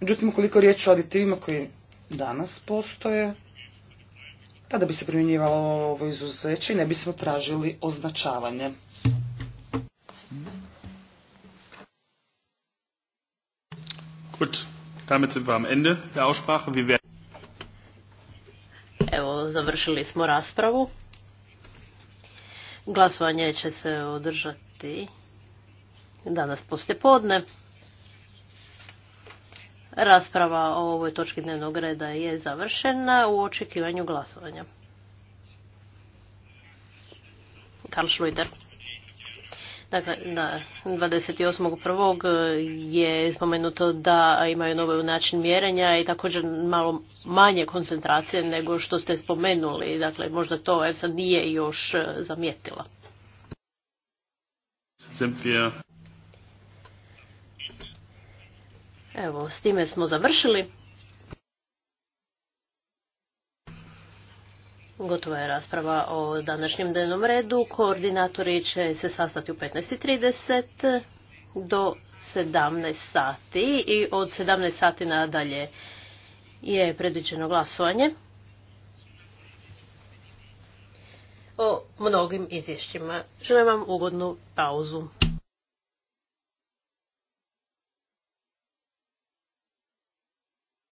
Međutim, koliko riječ o aditivima koji danas postoje, tada bi se primjenjivalo ovo izuzeće i ne bismo tražili označavanje. Gut, damit sind wir am Ende der Aussprache. Evo, završili smo raspravu. Glasovanje će se održati danas poslijepodne. podne. Rasprava o ovoj točki dnevnog reda je završena u očekivanju glasovanja. Karl Schluider. Dakle, da, 28.1. je spomenuto da imaju novi način mjerenja i također malo manje koncentracije nego što ste spomenuli. Dakle, možda to EFSA nije još zamijetila. Evo, s time smo završili. Gotova je rasprava o današnjem dnevnom redu. Koordinatori će se sastati u 15.30 do 17 sati i od 17 sati nadalje je predviđeno glasovanje o mnogim izvješćima. Želim vam ugodnu pauzu.